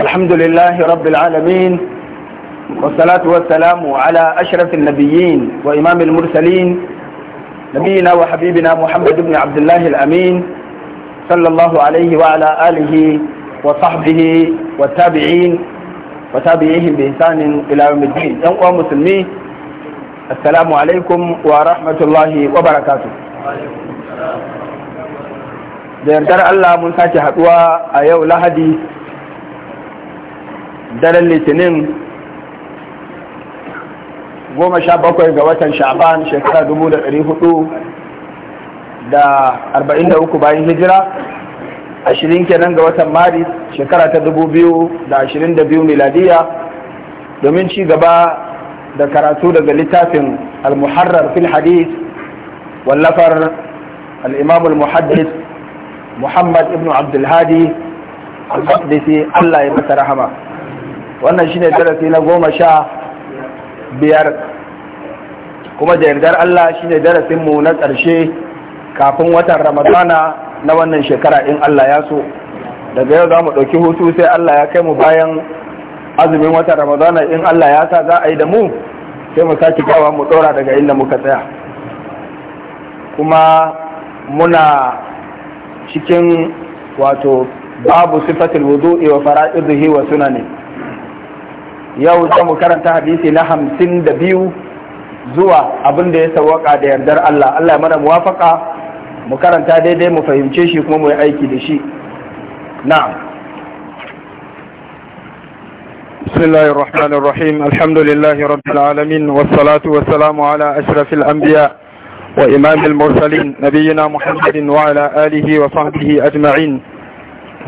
الحمد لله رب العالمين والصلاة والسلام على أشرف النبيين وإمام المرسلين نبينا وحبيبنا محمد بن عبد الله الأمين صلى الله عليه وعلى آله وصحبه والتابعين وتابعيهم بإحسان إلى يوم الدين يوم مسلمين السلام عليكم ورحمة الله وبركاته da yardar Allah mun sake haduwa a yau Lahadi daren litinin goma sha bakwai ga watan sha'ban shekara dubu da ɗari hudu da arba'in da uku bayan hijira ashirin kenan ga watan maris shekara ta dubu biyu da ashirin da biyu miladiya domin ci gaba da karatu daga littafin al-muharrar fil hadith wallafar al-imam al-muhaddith muhammad ibn abdulhadi al-maqdisi allah ya masa rahama wannan shine darasi na goma sha biyar kuma da yardar Allah shine darasinmu na ƙarshe kafin watan ramadana na wannan shekara in Allah ya so daga yau za mu ɗauki hutu sai Allah ya kai mu bayan azumin watan ramadana in Allah ya sa za a yi da mu sai mu sake kawa mu ɗora daga inda muka tsaya kuma muna cikin wato babu sifatul wudu'i wa fara'idhi wa sunani yau za mu karanta hadisi na hamsin da biyu zuwa abin da ya sawaka da yardar Allah Allah mana muwafaka mu karanta daidai mu fahimce shi kuma mu yi aiki da shi na'am بسم الله الرحمن الرحيم الحمد لله رب العالمين والصلاة والسلام على أشرف الأنبياء وإمام المرسلين نبينا محمد وعلى آله وصحبه أجمعين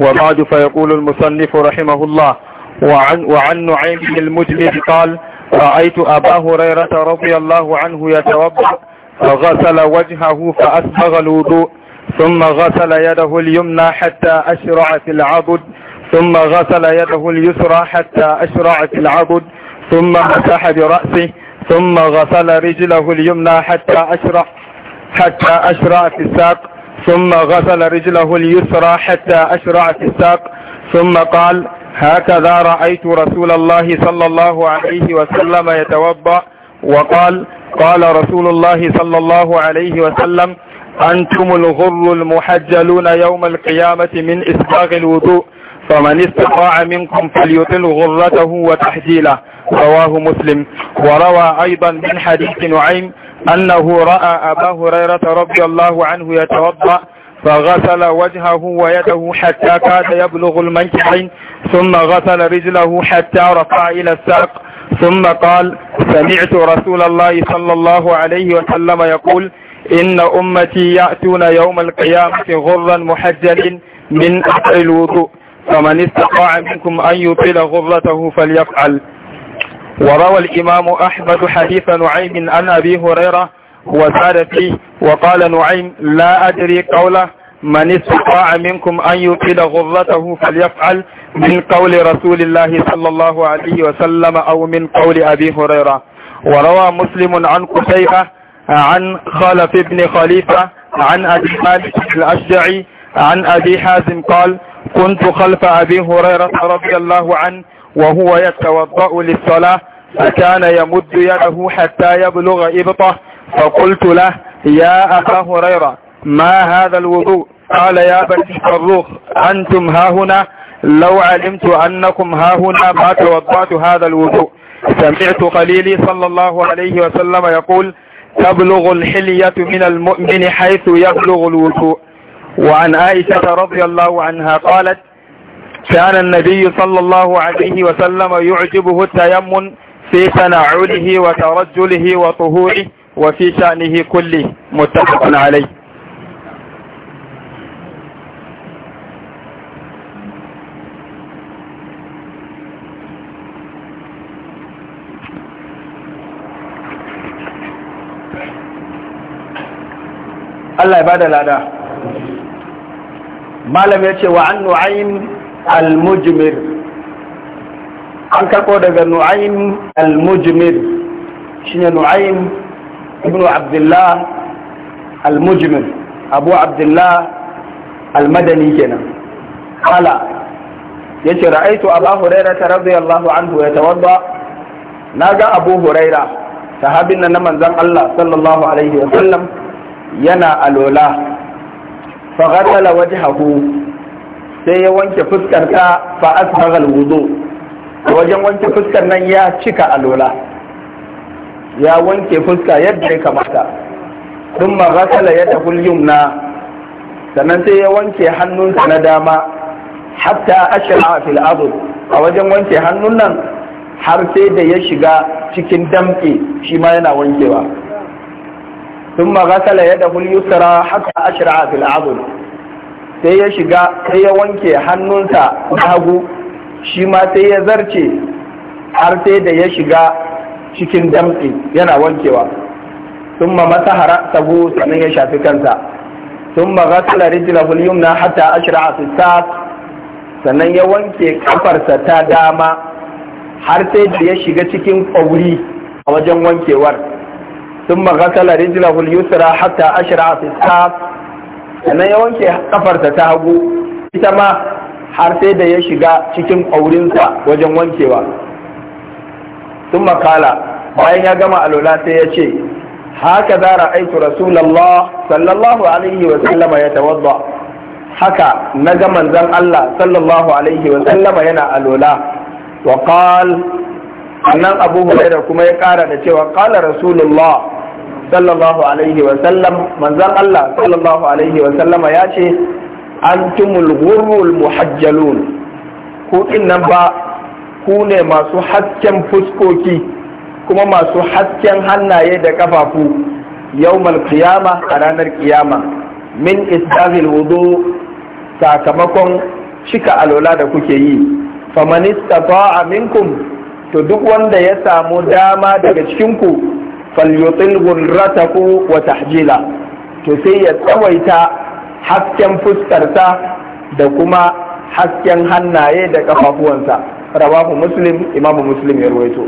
وبعد فيقول المصنف رحمه الله وعن, وعن نعيم بن المجلد قال رأيت أبا هريرة رضي الله عنه يتوضأ فغسل وجهه فأسبغ الوضوء ثم غسل يده اليمنى حتى أشرع في العضد ثم غسل يده اليسرى حتى أشرع في العضد ثم مسح برأسه ثم غسل رجله اليمنى حتى أشرع حتى أشرع في الساق ثم غسل رجله اليسرى حتى أشرع في الساق ثم قال هكذا رأيت رسول الله صلى الله عليه وسلم يتوضأ وقال قال رسول الله صلى الله عليه وسلم أنتم الغر المحجلون يوم القيامة من إسباغ الوضوء فمن استطاع منكم فليطل غرته وتحجيله رواه مسلم وروى أيضا من حديث نعيم أنه رأى أبا هريرة رضي الله عنه يتوضأ فغسل وجهه ويده حتى كاد يبلغ المنكحين ثم غسل رجله حتى رفع إلى الساق ثم قال سمعت رسول الله صلى الله عليه وسلم يقول إن أمتي يأتون يوم القيامة غرا محجل من أثر الوضوء فمن استطاع منكم أن يطيل غرته فليفعل وروى الإمام أحمد حديث نعيم عن أبي هريرة وزاد فيه وقال نعيم لا أدري قوله من استطاع منكم أن يطيل غرته فليفعل من قول رسول الله صلى الله عليه وسلم أو من قول أبي هريرة وروى مسلم عن قتيبة عن خلف بن خليفة عن أبي مالك الأشجعي عن أبي حازم قال كنت خلف أبي هريرة رضي الله عنه وهو يتوضأ للصلاة فكان يمد يده حتى يبلغ إبطه فقلت له يا أبا هريرة ما هذا الوضوء قال يا بني الروخ أنتم هاهنا لو علمت أنكم هاهنا ما توضعت هذا الوضوء سمعت خليلي صلى الله عليه وسلم يقول تبلغ الحلية من المؤمن حيث يبلغ الوضوء وعن عائشة رضي الله عنها قالت كان النبي صلى الله عليه وسلم يعجبه التيمم في تنعله وترجله وطهوره وفي شأنه كله متفق عليه الله يبادل لأداه ما لم يتشي وعن نعيم المجمر عن كالقودة نعيم المجمر شنو نعيم المجمر Ibnu abdullah al-mujmir abu abdullah al-madani kenan kala yace ra'aitu abu huraira ta radiyallahu anhu ya tawadda naga abu huraira sahabin nan na manzon Allah sallallahu alaihi wa sallam yana alola sai ya wanke fuskar ka fa asbagha wudu wajen wanke fuskar nan ya cika alola ya wanke fuska yadda ya kamata sun magasala ya tafi yumna sannan sai ya wanke hannunsa na dama hatta ashira fil azur a wajen wanke hannun nan har sai da ya shiga cikin damke shi ma yana wankewa sun magasala ya tafi yusra hatta ashira fil azur sai ya shiga sai ya wanke hannunsa na hagu shi ma sai ya zarce har sai da ya shiga cikin damtse yana wankewa thumma hara sabu sannan ya shafi kansa ga tsala rijila al na hata ashira a saq sannan ya wanke kafarsa ta dama har sai da ya shiga cikin kauri a wajen wankewar thumma ghassala rijlahu al-yusra hata ashira a saq sannan ya wanke kafarsa ta hagu ita ma har sai da ya shiga cikin ƙaurinsa wajen wankewa sun makala bayan ya gama alola sai ya ce haka za ra'aitu rasulallah sallallahu alaihi wa sallama ya tawadda haka na ga manzon Allah sallallahu alaihi wa sallama yana alola wa qal annan Abu Hurairah kuma ya ƙara da cewa qala rasulullah sallallahu alaihi wa sallam manzon Allah sallallahu alaihi wa sallama ya ce antumul ghurrul muhajjalun ku nan ba ku ne masu hasken fuskoki kuma masu hasken hannaye da kafafu yawmal kiyama a ranar kiyama min isdafil wudu sakamakon cika alola da kuke yi faman istata'a minkum to duk wanda ya samu dama daga cikin ku falyutil ku wa tahjila to sai ya tsawaita hasken fuskarsa da kuma hasken hannaye da kafafuwansa rawahu muslim Imam muslim ya ruwaito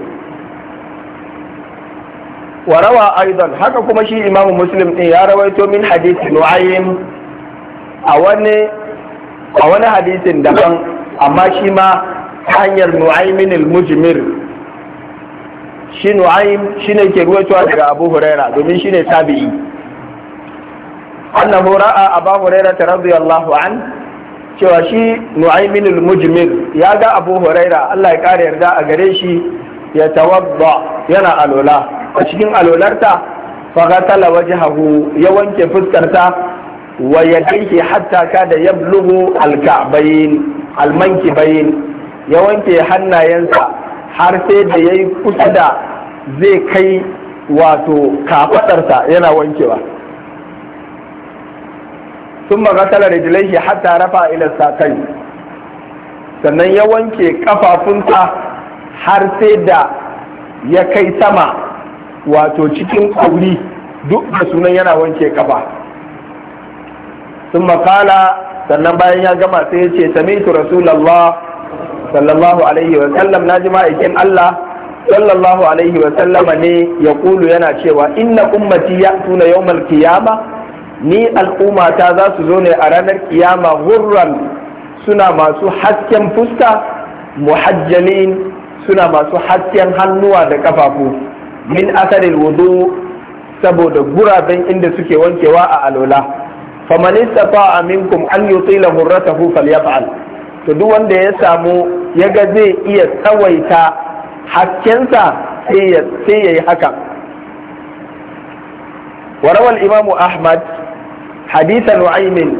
wa rawa aidan haka kuma shi Imam muslim din ya rawaito min hadisi nu'aym a wani hadithin wani hadisin amma shi ma hanyar nu'aymin al-mujmir shi nu'aym shine ke ruwaitowa daga abu huraira domin shine tabi'i annahu ra'a abu huraira radiyallahu anhu cewa shi al mujmil ya ga abu huraira Allah ya kare yarda a gare shi ya tawadda yana alola a cikin alolarta fagatala wajhahu ya wanke fuskarta wa yadayhi hatta kada yablughu al-ka'bayn al-mankibayn ya wanke hannayensa har sai da yayi kusa da zai kai wato kafadarsa yana wankewa ثم غسل رجليه حتى رفع إلى الساقين sannan ya wanke kafafunsa har sai da ya kai sama wato cikin kauri duk da sunan yana wanke kafa sun makala sannan bayan ya gama sai ya ce samitu rasulallah sallallahu alaihi wa sallam na ji ma'aikin Allah sallallahu alaihi wa sallama ne ya kulu yana cewa inna ummati ya tuna yawmal qiyama ni al'ummata za su zo ne a ranar kiyama hurran suna masu hasken fuska muhajjalin suna masu hasken hannuwa da kafafu min asarin wudu saboda guraben inda suke wankewa a alola faman istata'a aminkum an yutila hurratahu falyaf'al to duk wanda ya samu yaga zai iya tsawaita hakkensa sai ya yi haka وروى imamu Ahmad. hadithan nu'aymin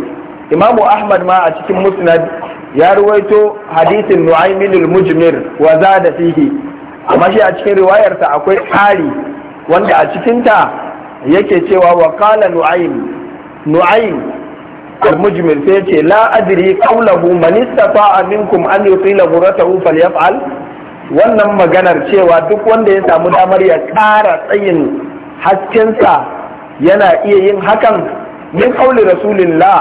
imamu ahmad ma a cikin musnad ya ruwaito hadithin nu'aymin al-mujmir wa zada fihi amma shi a cikin riwayarsa akwai ƙari wanda a cikinta yake cewa wa qala nu'aym nu'aym al-mujmir sai ce la adri qawluhu man istata'a minkum an yutila ghuratahu falyaf'al wannan maganar cewa duk wanda ya samu damar ya kara tsayin haskensa yana iya yin hakan min kauli rasulillah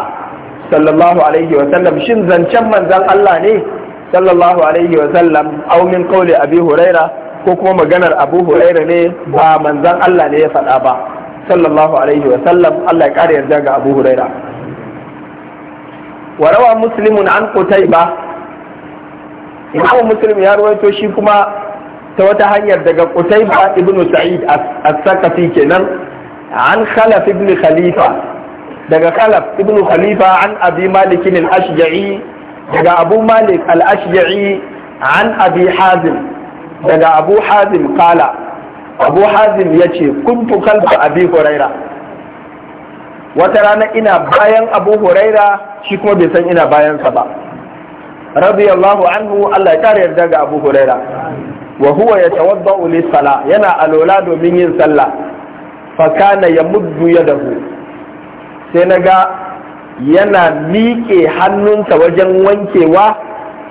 sallallahu alaihi wa sallam shin zancen manzon Allah ne sallallahu alaihi wa sallam aw min kauli abi huraira ko kuma maganar abu huraira ne ba manzon Allah ne ya faɗa ba sallallahu alaihi wa sallam Allah ya kare yarda ga abu huraira wa rawa muslimun an qutaiba imam muslim ya rawaito shi kuma ta wata hanyar daga qutaiba ibn sa'id as-sakafi kenan an khalaf ibn khalifa daga khalaf ibn khalifa an abi malik al-ashja'i daga abu malik al-ashja'i an abi hazim daga abu hazim kala abu hazim ya ce kuntu kalfa abi huraira wata rana ina bayan abu huraira shi kuma bai san ina bayansa ba radiyallahu anhu Allah ya kare yarda ga abu huraira wa huwa yatawaddau lis yana alola domin yin sallah fa kana yamuddu yadahu sai na ga yana miƙe hannunsa wajen wankewa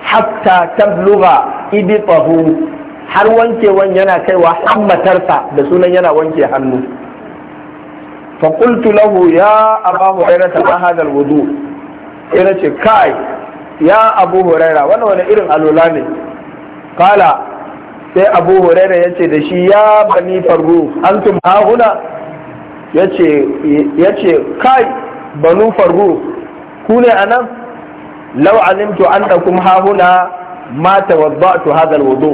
hatta tabluga idifahu har wankewan yana kaiwa hammatarsa da sunan yana wanke hannu faƙultu lahu ya abu huraira ta hadal wudu sai ce kai ya abu huraira wani wani irin alola ne kala sai abu huraira ya ce da shi ya bani farru antum huna ya ce kai banu faru ku ne a nan lau alimtu an da kuma hahuna ma tu hadar wudu.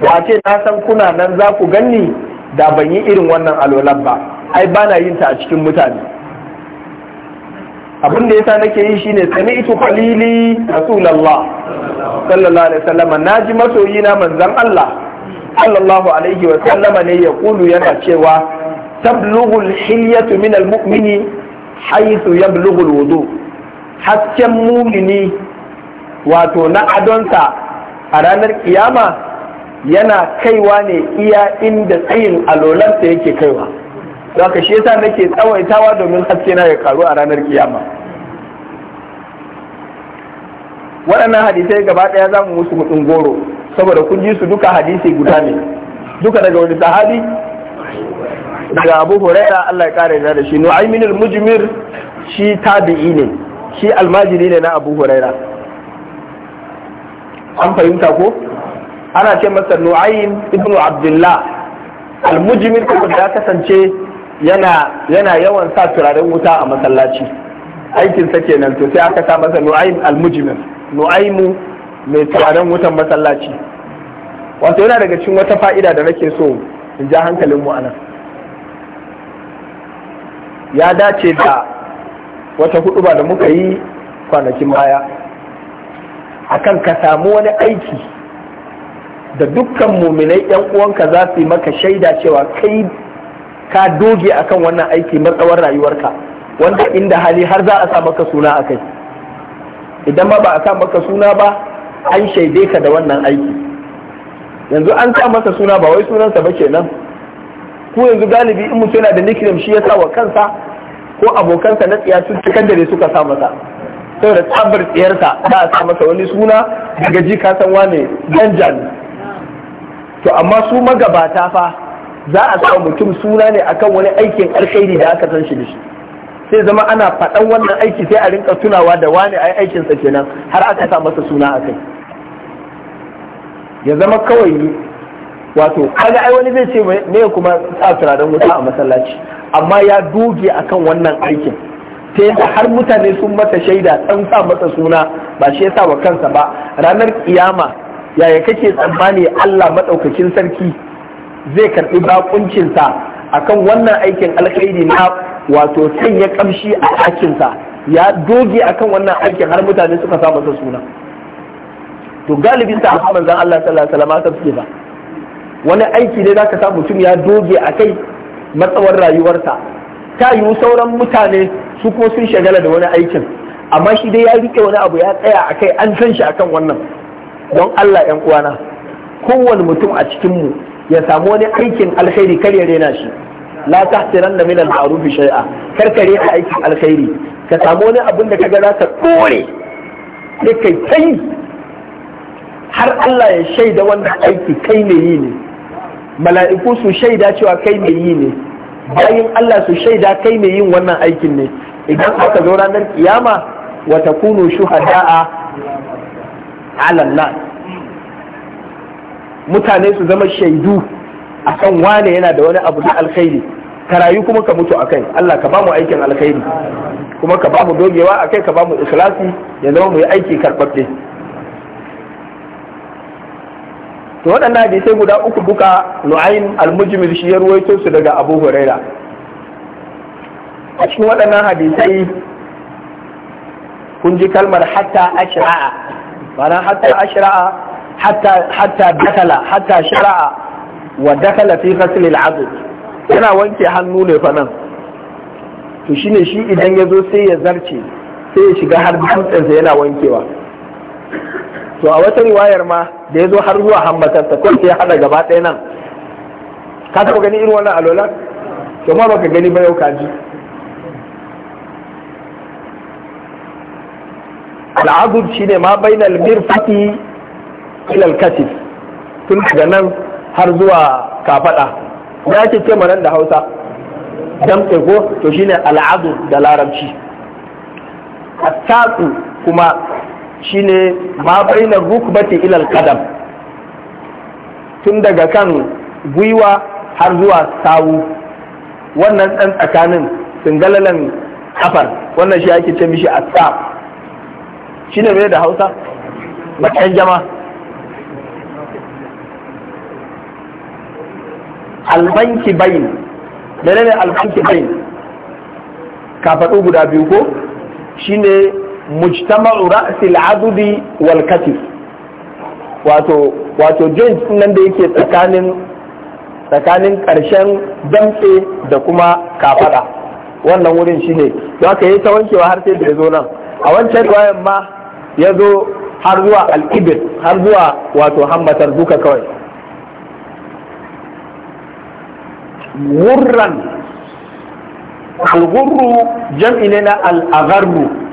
ba ce na san kuna nan za ku ganni da ban yi irin wannan alwalar ba ai ba na yin ta a cikin mutane abin da yasa nake yi shine sami'tu qalili rasulullah sallallahu alaihi wasallam masoyi masoyina manzon Allah sallallahu alaihi wasallama ne ya kulu yana cewa tablughu hilyatu min al-mu'mini haythu yablughu wudu hasken mumini wato na adonsa a ranar kiyama yana kaiwa ne iya inda tsayin alolarsa yake kaiwa ka shi yasa nake tsawaitawa domin haske na ya karu a ranar kiyama waɗannan hadisai gaba ɗaya za mu musu hudun goro saboda kun ji su duka hadisi guda ne duka daga wani sahabi daga abu huraira Allah ya kare da shi ai minul mujmir shi tabi'i ne shi almajiri ne na abu huraira an fahimta ko ana ce masa nu'aym ibn abdullah almujmir ko da kasance yana yana yawan sa turaren wuta a masallaci aikin sa kenan to sai aka sa masa nu'aym almujmir mai turaren wutan masallaci wato yana daga cikin wata fa'ida da nake so in ja hankalin mu anan ya dace da wata ba da muka yi kwanakin baya akan ka samu wani aiki da dukkan muminai yan uwanka za su yi maka shaida cewa kai ka doge akan wannan aiki matsawar rayuwarka wanda inda hali har za a sa maka suna a kai idan ba ba a sa maka suna ba an shaide ka da wannan aiki yanzu an sa maka suna ba wai sunansa ba kenan ko yanzu galibi in mutum yana da nickname shi ya sa wa kansa ko abokansa na tsiya sun cikin dare suka sa masa saboda tsabar tsiyarsa ba a sa masa wani suna daga ji ka san wane danjan to amma su magabata fa za a sa mutum suna ne akan wani aikin alkhairi da aka san shi da shi sai zama ana faɗan wannan aiki sai a rinka tunawa da wane ai aikinsa kenan har aka sa masa suna akai ya zama kawai wato kaga ai wani zai ce me kuma sa turaren wuta a masallaci amma ya doge akan wannan aikin ta yadda har mutane sun mata shaida ɗan sa masa suna ba shi yasa wa kansa ba ranar kiyama yaya kake tsammani Allah maɗaukakin sarki zai karɓi bakuncinsa akan wannan aikin alkhairi na wato sanya kamshi a ɗakinsa ya doge akan wannan aikin har mutane suka sa masa suna to galibin ta a manzon Allah sallallahu alaihi wasallam ba wani aiki ne zaka sa mutum ya doge a kai matsawar rayuwarsa ta yiwu sauran mutane su kuma sun shagala da wani aikin amma shi dai ya rike wani abu ya tsaya a kai an san shi akan wannan don Allah ‘yan uwana kowane mutum a cikinmu ya samu wani aikin alkhairi kar ya rena shi la tahtiran da minal ma'ruf shay'a kar ka rena aikin alkhairi ka samu wani abin da kaga za ka dore sai kai kai har Allah ya shaida wannan aiki kai ne yi ne mala'iku su shaida cewa kai mai yi ne bayan Allah su shaida kai mai yin wannan aikin ne idan aka zo ranar kiyama wata kunu shuhada'a ala mutane su zama shaidu akan wane yana da wani abu na alkhairi ka rayu kuma ka mutu akai Allah ka bamu aikin alkhairi kuma ka bamu dogewa akai ka bamu ikhlasi ya zama mu yi aiki karɓaɓɓe to waɗannan hadisai guda uku duka nu'aym al-mujmir shi ya ruwaito su daga abu huraira a cikin waɗannan hadisai kun ji kalmar hatta ashra'a ma'ana hatta ashra'a hatta hatta dakala hatta shara'a wa dakala fi ghasl al-'adl yana wanke hannu ne fa nan to shine shi idan ya zo sai ya zarce sai ya shiga har dutsensa yana wankewa to a wata riwayar ma da ya zo har zuwa hambatarsa ko ya hada gaba ɗaya nan ka taɓa gani irin wannan alola to ma baka gani ba yau ka ji al'adud shine ma bainal mirfati ila al-katif tun daga nan har zuwa kafada da ake ce nan da Hausa damtse ko to shine al'adud da larabci at kuma shine ma na rukbati ilal qadam tun daga kan gwiwa har zuwa sawu wannan dan tsakanin singalalan kafar wannan shi ake ce mishi shi shine mai da Hausa matan jama albanki bayin menene albanki bayin kafaɗu guda biyu ko shine mujtama'u ra'sil adudi wal katif wato wato joint nan da yake tsakanin tsakanin ƙarshen damtse da kuma kafada wannan wurin shine don haka yayi ta wankewa har sai da ya nan a wancan ruwayan ma ya zo har zuwa al'ibir har zuwa wato hammatar duka kawai wurran al'gurru jam'i ne na agharru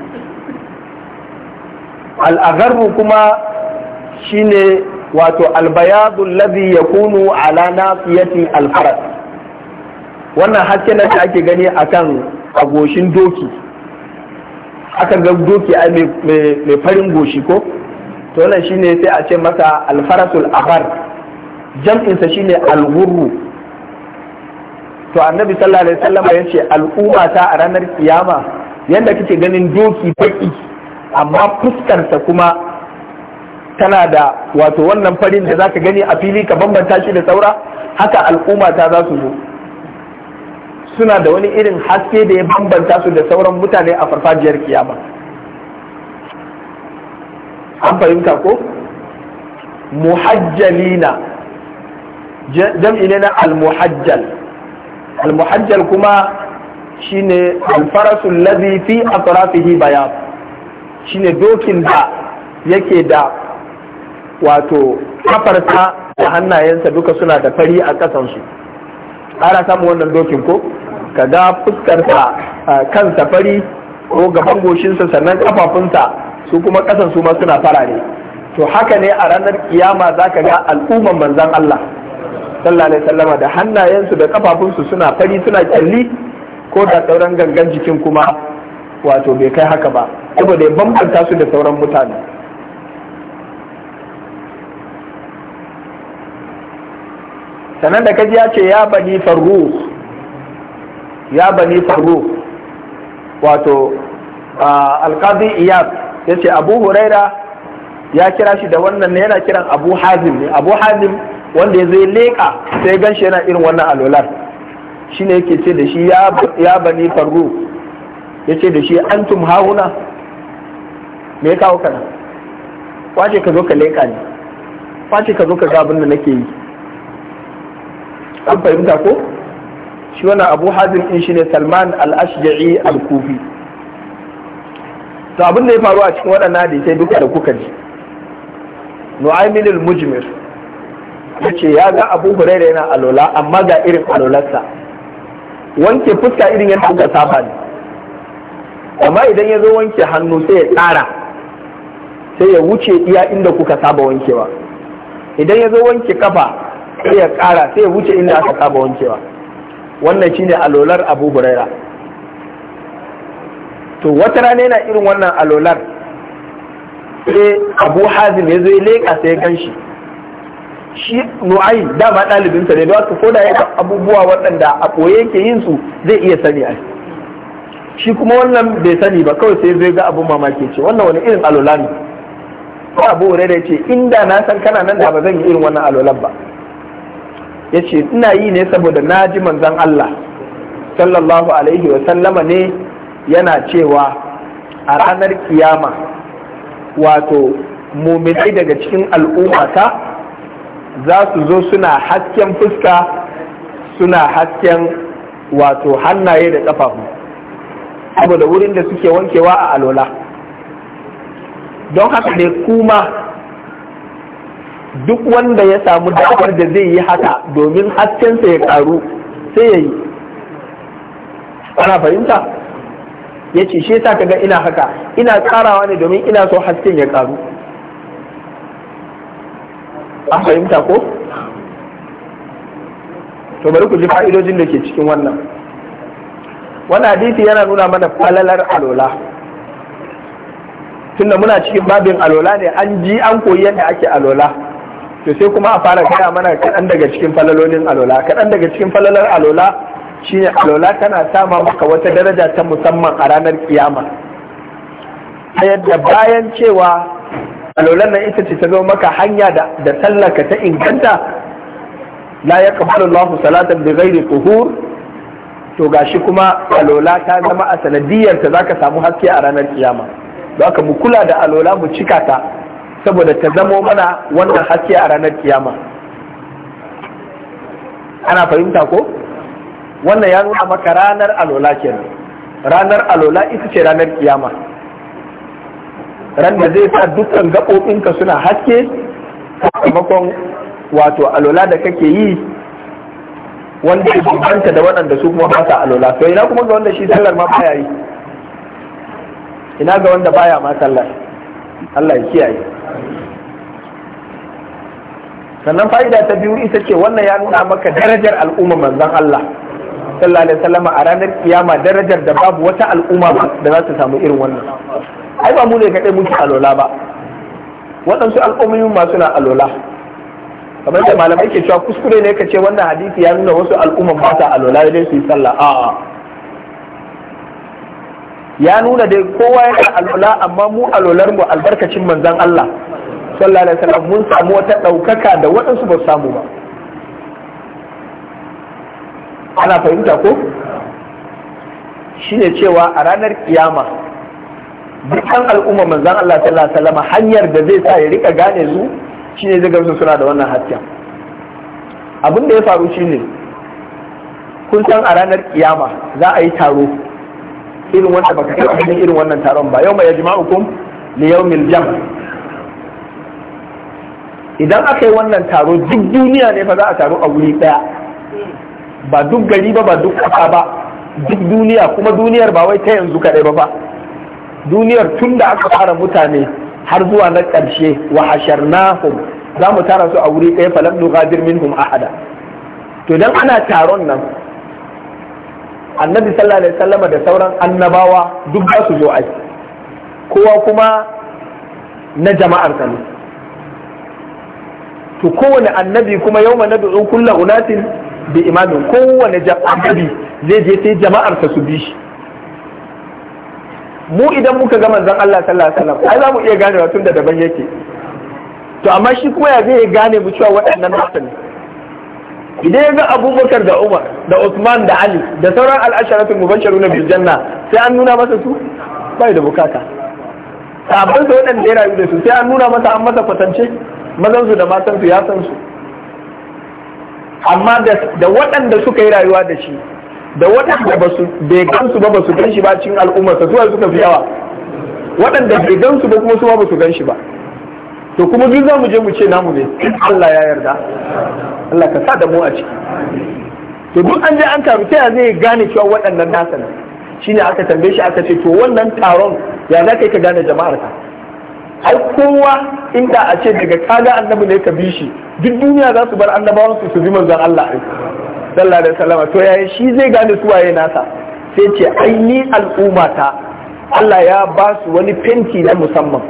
al'agarru kuma shi ne wato albayadun ladhi yakunu ala nafiyati alfaras wannan haske na da ake gani a kan agoshin doki aka ga doki a mai farin goshi ko to wannan shi ne sai a ce masa alfarasul abar. jam'insa shi ne alghurru to annabi sallallahu alaihi wasallam ya ce al'umma ta a ranar kiyama yanda kike ganin doki baki amma fuskarsa kuma tana da wato wannan farin da za ka gani a fili ka bambanta shi da saura haka al'umma ta za su zo suna da wani irin haske da ya bambanta su da sauran mutane a farfajiyar kiyama an fahimta ko muhajjalina jam'i ne na almuhajjal almuhajjal kuma shine alfarasul ladhi fi atrafihi bayan shine dokin da yake da wato kafarsa da hannayensa duka suna da fari a ƙasansu ana samun wannan dokin ko kaga fuskarsa kansa fari ko gaban goshinsa sannan kafafunsa su kuma ƙasan su ma suna farare to haka ne a ranar kiyama za ka ga al'umman manzan Allah sallallahu alaihi sallama da hannayensu da kafafunsu suna fari suna kyalli ko da sauran gangan jikin kuma wato bai kai haka ba saboda ya bambanta su da sauran mutane sannan da kaji ya ce ya bani farruh ya bani wato alkazi iyab ya ce abu huraira ya kira shi da wannan ne yana kiran abu hazim ne abu hazim wanda ya zai leƙa sai ganshi yana irin wannan alolar shine ne yake ce da shi ya bani farruh ya ce da shi an tum hauna me ya kawo kana kwace ka zo ka leƙa ne kwace ka zo ka ga abin da nake yi an fahimta ko shi wani abu hazin in shi ne salman al-ashja'i al-kufi to abin da ya faru a cikin waɗannan da sai duka da kuka ji nu'aymin al-mujmir ya ce ya ga abu huraira yana alola amma ga irin alolarsa wanke fuska irin yadda kuka saba ne amma idan ya zo wanke hannu sai ya tsara sai ya wuce iya inda kuka saba wankewa idan ya zo wanke kafa sai ya kara sai ya wuce inda aka saba wankewa wannan shine alolar abu huraira to wata rana yana irin wannan alolar sai abu hazim ya zo ya leƙa sai ya gan shi shi nu'ai dama ɗalibinsa ne da wasu ko da ya abubuwa waɗanda a ɓoye yake yin su zai iya sani a shi shi kuma wannan bai sani ba kawai sai zai ga abun mamaki ce wannan wani irin alola ne ko abu ce inda na san kana nan da ba zan yi irin wannan alolan ba Ya ce ina yi ne saboda na ji manzon Allah sallallahu alaihi wa sallama ne yana cewa a ranar kiyama wato muminai daga cikin al'ummata za su zo suna hasken fuska suna hasken wato hannaye da ƙafafu da wurin da suke wankewa a alola don haka dai kuma duk wanda ya samu damar da zai yi haka domin haskensa ya karu sai ya yi ana fahimta ya ce shi yasa kaga ina haka ina tsarawa ne domin ina so hasken ya karu an fahimta ko to bari ku ji fa'idojin da ke cikin wannan wani hadisi yana nuna mana falalar alola tunda muna cikin babin alola ne an ji an koyi yadda ake alola to sai kuma a fara kaya mana kaɗan daga cikin falalolin alola kaɗan daga cikin falalar alola shine alola tana sama maka wata daraja ta musamman a ranar kiyama A yadda bayan cewa alolan nan ita ce ta zo maka hanya da sallaka ta inganta la yaqbalu Allahu salatan bi ghairi tuhur to gashi kuma alola ta zama a sanadiyar ta zaka samu haske a ranar kiyama don haka mu kula da alola mu cika ta saboda ta zamo mana wannan haske a ranar kiyama ana fahimta ko wannan ya nuna maka ranar alola kenan ranar alola ita ce ranar kiyama ran da zai sa dukkan gaɓoɓinka suna haske sakamakon wato alola da kake yi wanda ya banta da waɗanda su kuma ba sa alola to ina kuma ga wanda shi sallar ma baya yi ina ga wanda baya ma sallar Allah ya kiyaye sannan fa'ida ta biyu ita ce wannan ya nuna maka darajar al'umma manzon Allah sallallahu alaihi wasallam a ranar kiyama darajar da babu wata al'umma da za ta samu irin wannan ai ba mu ne kadai muke alola ba waɗansu al'ummomin masu na alola kamar da malamai ke cewa kuskure ne ka ce wannan hadisi ya nuna wasu al'umman ba sa lola yadda su yi sallah a ya nuna dai kowa yana alola amma mu lolar mu albarkacin manzon Allah sallallahu alaihi wasallam mun samu wata daukaka da waɗansu ba su samu ba ana fahimta ko shine cewa a ranar kiyama dukkan al'umma manzon Allah sallallahu alaihi wasallam hanyar da zai sa ya rika gane su ne zai gamsu suna da wannan hasken abin da ya faru shi ne. kun san a ranar kiyama za a yi taro irin wanda baka taɓa ganin irin wannan taron ba yau mai yajma'ukum li mil jam' idan aka yi wannan taro duk duniya ne fa za a taro a wuri daya ba duk gari ba ba duk ƙasa ba duk duniya kuma duniyar ba wai ta yanzu kaɗai ba ba duniyar tun da aka fara mutane har zuwa na ƙarshe wa hasharnahum za mu tara su a wuri ɗaya falam nughadir minhum ahada to dan ana taron nan annabi sallallahu alaihi wasallama da sauran annabawa duk za su zo ai kowa kuma na jama'ar ta ne to kowane annabi kuma yawma nad'u kullu unatin bi imamin kowane annabi zai je sai jama'ar ta su bi shi mu idan muka ga manzon Allah sallallahu alaihi wasallam ai za mu iya ganewa tunda daban yake to amma shi kuma ya zai gane mu cewa waɗannan nasa idan ya ga abubakar da umar da usman da ali da sauran al'asharatul mubashiruna bil janna sai an nuna masa su bai da bukata sabbin da waɗanda ya rayu da su sai an nuna masa an masa kwatance mazan su da matan su ya san su amma da waɗanda suka yi rayuwa da shi da waɗanda ba su bai gansu ba ba su gan shi ba cikin al'ummar sa suwa suka fi yawa waɗanda bai gansu ba kuma suwa ba su gan shi ba to kuma duk za mu je mu ce namu ne Allah ya yarda Allah ka sa da mu a ciki to duk an je an taru ta zai gane cewa waɗannan nasa ne shine aka tambaye shi aka ce to wannan taron ya za ka yi ka gane jama'ar ka ai kowa inda a ce daga kaga annabi ne ka bi shi duk duniya za su bar annabawan su su bi manzon Allah ai sallallahu alaihi wasallam to yayi shi zai gane su waye nasa sai ce ai ni al'ummata Allah ya ba su wani fenti na musamman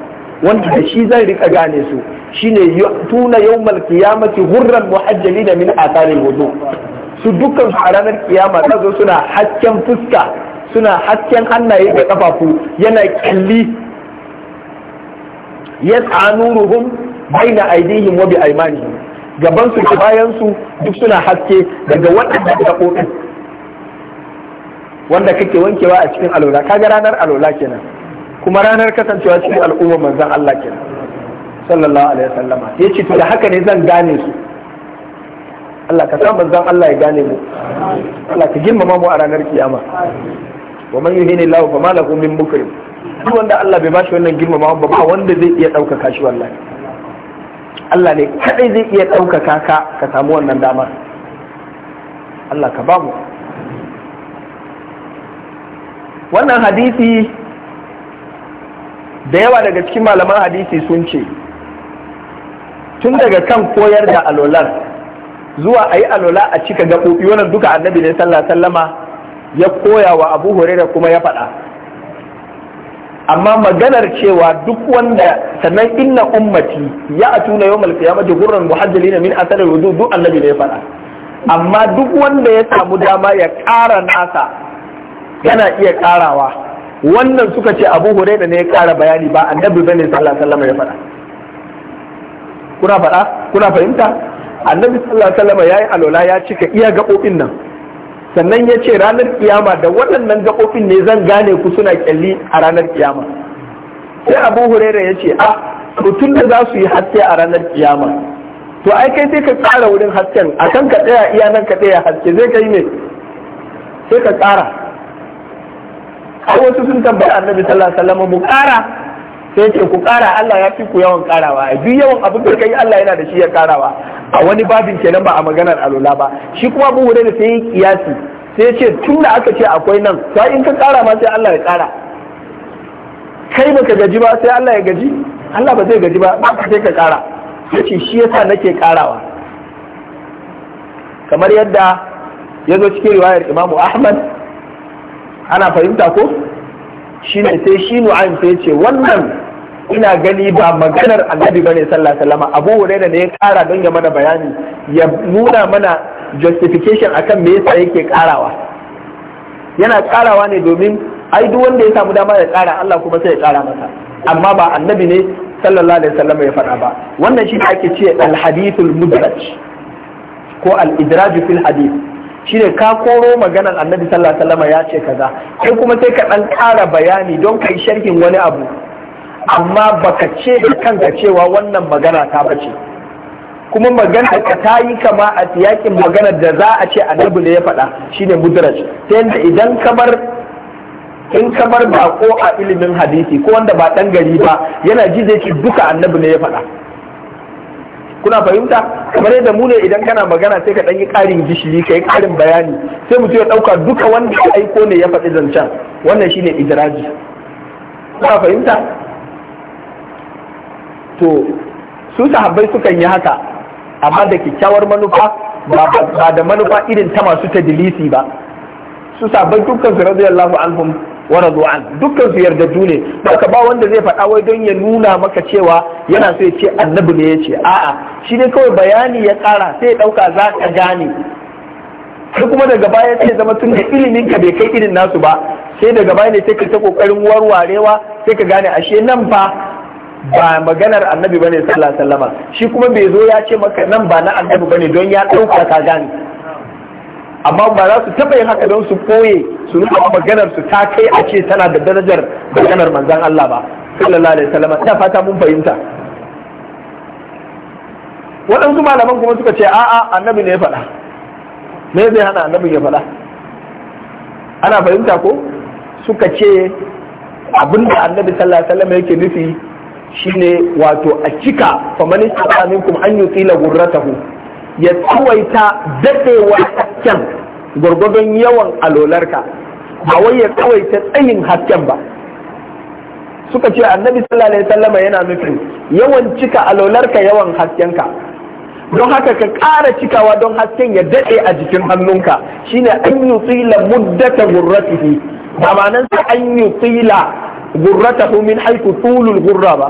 wanda da shi zai rika gane su shine tuna yawmal qiyamati hurran muhajjalin min atharil wudu su dukkan su a ranar kiyama za zo suna hasken fuska suna hasken hannaye da kafafu yana kalli yas'a nuruhum baina aydihim wa bi aymanihim gabansu da bayansu duk suna haske daga da gaɓoɓin wanda kake wankewa a cikin alola kaga ranar alola kenan kuma ranar kasancewa cikin al'ummar manzon Allah kenan sallallahu alaihi wasallama yace to da haka ne zan gane su Allah ka sa manzon Allah ya gane mu Allah ka girmama mu a ranar kiyama wa man yuhini Allah fa ma lahu min mukrim duk wanda Allah bai bashi wannan girmama ba ba wanda zai iya ɗaukaka shi wallahi Allah ne kadai zai iya ɗaukaka ka ka samu wannan damar Allah ka babu. wannan hadisi da yawa daga cikin malaman hadisi sun ce tun daga kan koyar da alolar zuwa a yi alola a cika gaɓoɓi wannan duka annabi ne sallah sallama ya koya wa abu hurairah kuma ya faɗa amma maganar cewa duk wanda sannan inna ummati ya yau malfiya qiyamati gurran na min athar wudu duk annabi ne ya faɗa amma duk wanda ya samu dama ya ƙara nasa yana iya ƙarawa wannan suka ce Abu da ne ya ƙara bayani ba annabi bane sallallahu alaihi ya faɗa kuna faɗa kuna fahimta annabi sallallahu alaihi wasallam yayi alola ya cika iya gaɓoɓin nan sannan ya ce ranar kiyama da waɗannan gaɓoɓin ne zan gane ku suna kyalli a ranar kiyama sai abu huraira ya ce a ah, mutum da za su yi haske a ranar kiyama to ai kai sai ka tsara wurin hasken a kan ka tsaya iya nan ka tsaya haske zai kai ne sai ka tsara a wasu sun tambaya annabi sallallahu alaihi wasallam mu ƙara sai ce ku kara Allah ya fi ku yawan karawa duk yawan abin da kai Allah yana da shi ya karawa a wani babin kenan ba a maganar alola ba shi kuma Abu da sai yi kiyasi sai ce tun da aka ce akwai nan sai in ka kara ma sai Allah ya kara kai baka gaji ba sai Allah ya gaji Allah ba zai gaji ba ba ka sai ka kara ce shi yasa nake karawa kamar yadda ya zo cikin riwayar Imam Ahmad ana fahimta ko shine sai shi nu'aym sai ce wannan ina gani ba maganar annabi bane sallallahu alaihi wasallam abu hurairah ne ya kara don ya mana bayani ya nuna mana justification akan me yasa yake karawa yana karawa ne domin ai duk wanda ya samu dama ya kara Allah kuma sai ya kara masa amma ba annabi ne sallallahu alaihi wasallam ya faɗa ba wannan shi ake ce al hadithul mudraj ko al idraj fil hadith shi ne ka koro maganar annabi sallallahu alaihi wasallam ya ce kaza kai kuma sai ka dan ƙara bayani don kai sharhin wani abu amma baka ce da kanka cewa wannan magana ta bace kuma magana ka ta yi kama a yakin magana da za a ce annabi ne ya faɗa shine mudraj Sai da idan ka bar in ka bar bako a ilimin hadisi ko wanda ba dan gari ba yana ji zai ce duka annabi ne ya faɗa kuna fahimta kamar yadda mu ne idan kana magana sai ka dan yi karin gishiri kai karin bayani sai mutum ya dauka duka wanda ya aiko ne ya faɗi zancen wannan shine idraji kuna fahimta to su sahabbai sukan yi haka amma da kyakkyawar manufa ba da manufa irin ta masu tadilisi ba su sahabbai dukkan su radiyallahu anhum wa radu dukkan su yardaddu ne ka ba wanda zai faɗa wai don ya nuna maka cewa yana so ya ce annabi ne ya ce a'a shi ne kawai bayani ya tsara sai ya ɗauka za ka gane sai kuma daga baya ce zama tun da ilimin ka bai kai irin nasu ba sai daga baya ne sai ka ta kokarin warwarewa sai ka gane ashe nan fa ba maganar annabi bane sallallahu alaihi wasallam shi kuma bai zo ya ce maka nan ba na annabi bane don ya ɗauka ka gane amma ba za su taɓa yin haka don su koye su nuna maganar su ta kai a ce tana da darajar maganar manzan Allah ba sallallahu alaihi wasallam ina fata mun fahimta waɗansu malaman kuma suka ce a'a annabi ne ya faɗa me zai hana Annabi ya faɗa ana fahimta ko suka ce abinda annabi sallallahu alaihi wasallam yake nufi shine wato a cika faman istata minkum an yutila gurratahu ya tsawaita daɗewa hasken gwargwadon yawan alolarka ba wai ya tsawaita tsayin hasken ba suka ce annabi sallallahu alaihi yana nufin yawan cika alolarka yawan ka don haka ka ƙara cikawa don hasken ya daɗe a jikin hannunka shine an yi tsila muddata gurratihi ba ma nan sai an yi tsila gurratahu min haiku tulul gurra ba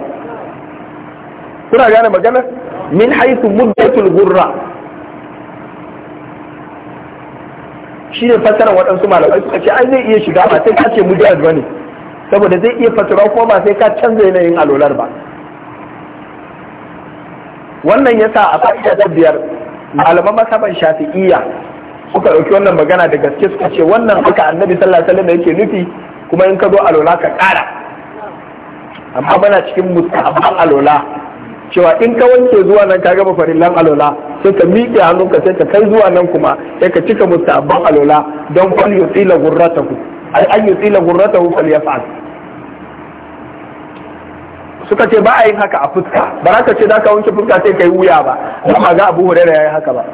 kuna gane magana min haiku muddatul gurra shi ne fassara waɗansu malamai suka ce ai zai iya shiga ba sai ka ce mujahid ba ne saboda zai iya fassara kuma ba sai ka canza yanayin alolar ba wannan yasa a fa'ida ta biyar malaman masaban shafi'iyya suka ɗauki wannan magana da gaske suka ce wannan haka annabi sallallahu alaihi wasallam yake nufi kuma in ka zo alola ka ƙara amma bana cikin mustahabban alola cewa in ka wanke zuwa nan ka gama farillan alola sai ka miƙe hannunka sai ka kai zuwa nan kuma sai ka cika musabban alola don fal yutsila gurratahu ai an yutsila gurratahu fal yaf'al suka ce ba a yin haka a fuska ba za ka ce za ka wanke fuska sai ka yi wuya ba amma ga abu hurera ya yi haka ba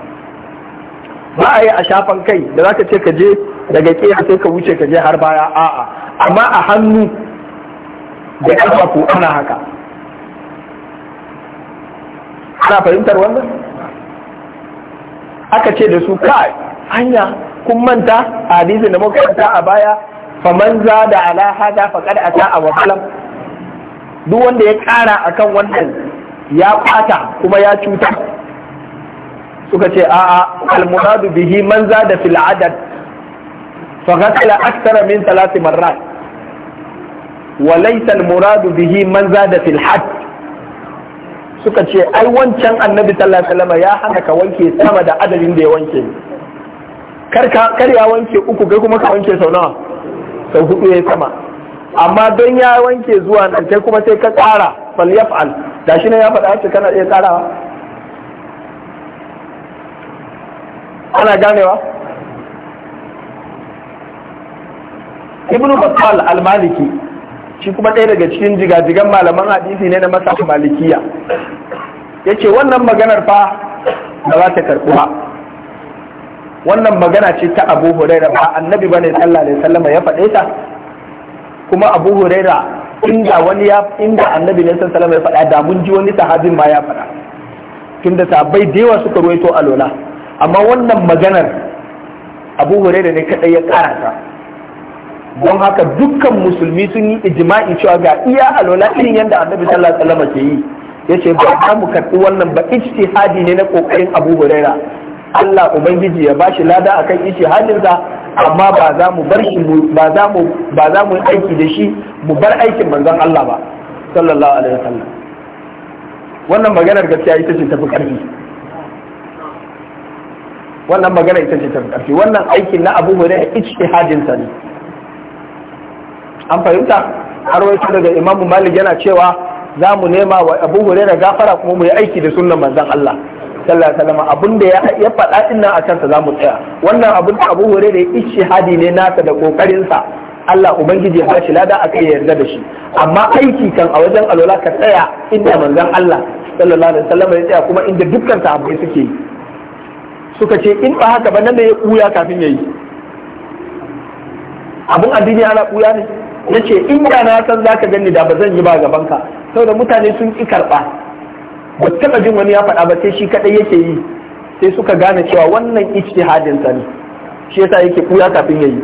ba a yi a shafan kai da za ka ce ka je daga ƙiya sai ka wuce ka je har baya a'a amma a hannu da ƙafafu ana haka ana fahimtar wannan aka ce da su kai hanya kun manta a hadisin da muka a baya faman za da ala hada faqad ata a wasalam duk wanda ya kara akan wannan ya kwata kuma ya cuta suka ce a'a almunadu bihi man za da fil adad فغسل أكثر da ثلاث مرات وليس المراد به من زاد في الحد suka ce ai wancan annabi sallallahu alaihi ya hana ka wanke sama da adadin da ya wanke kar ya wanke uku kai kuma ka wanke sau nawa sau hudu ya sama amma don ya wanke zuwa nan kai kuma sai ka tsara fal yaf'al da shi ne ya faɗa ce kana iya tsarawa ana ganewa ibnu battal al-maliki shi kuma ɗaya daga cikin jigajigan malaman hadisi ne na masa malikiya ya ce wannan maganar fa ba za ta karɓu ba wannan magana ce ta abu huraira ba annabi ba ne sallallahu alaihi sallama ya faɗe ta kuma abu huraira inda wani ya inda annabi ne sallallahu Sallama ya faɗa da mun ji wani sahabin ma ya faɗa tunda sahabbai da yawa suka ruwaito lola. amma wannan maganar abu huraira ne kadai ya ta don haka dukkan musulmi sun yi ijima'i cewa ga iya alola irin yadda annabi sallallahu alaihi wasallam ke yi yace ba za mu karɓi wannan ba ijtihadi ne na kokarin Abu Huraira Allah ubangiji ya bashi lada akan ijtihadin sa amma ba za mu bar shi ba za mu ba za mu yi aiki da shi mu bar aikin manzon Allah ba sallallahu alaihi wasallam wannan maganar gaskiya ita ce tafi karfi wannan magana ita ce tafi karfi wannan aikin na Abu Huraira ijtihadin sa ne an fahimta har wai daga imamu malik yana cewa za mu nema wa abu hure hurairah gafara kuma mu yi aiki da sunan manzon Allah sallallahu alaihi wasallam abin da ya faɗa din nan a kansa za mu tsaya wannan abin da abu hure da ishi hadi ne nasa da kokarin sa Allah ubangiji ya shi lada a kai yarda da shi amma aiki kan a wajen alola ka tsaya inda manzon Allah sallallahu alaihi wasallam ya tsaya kuma inda dukkan sahabbai suke yi suka ce in ba haka ba nan da ya kuya kafin yayi abun addini ana kuya ne ce, in da na san zaka ganni da ba zan yi ba gaban ka saboda mutane sun ki karba ba taɓa jin wani ya faɗa ba sai shi kadai yake yi sai suka gane cewa wannan ijtihadin sa ne shi yasa yake kuya kafin yayi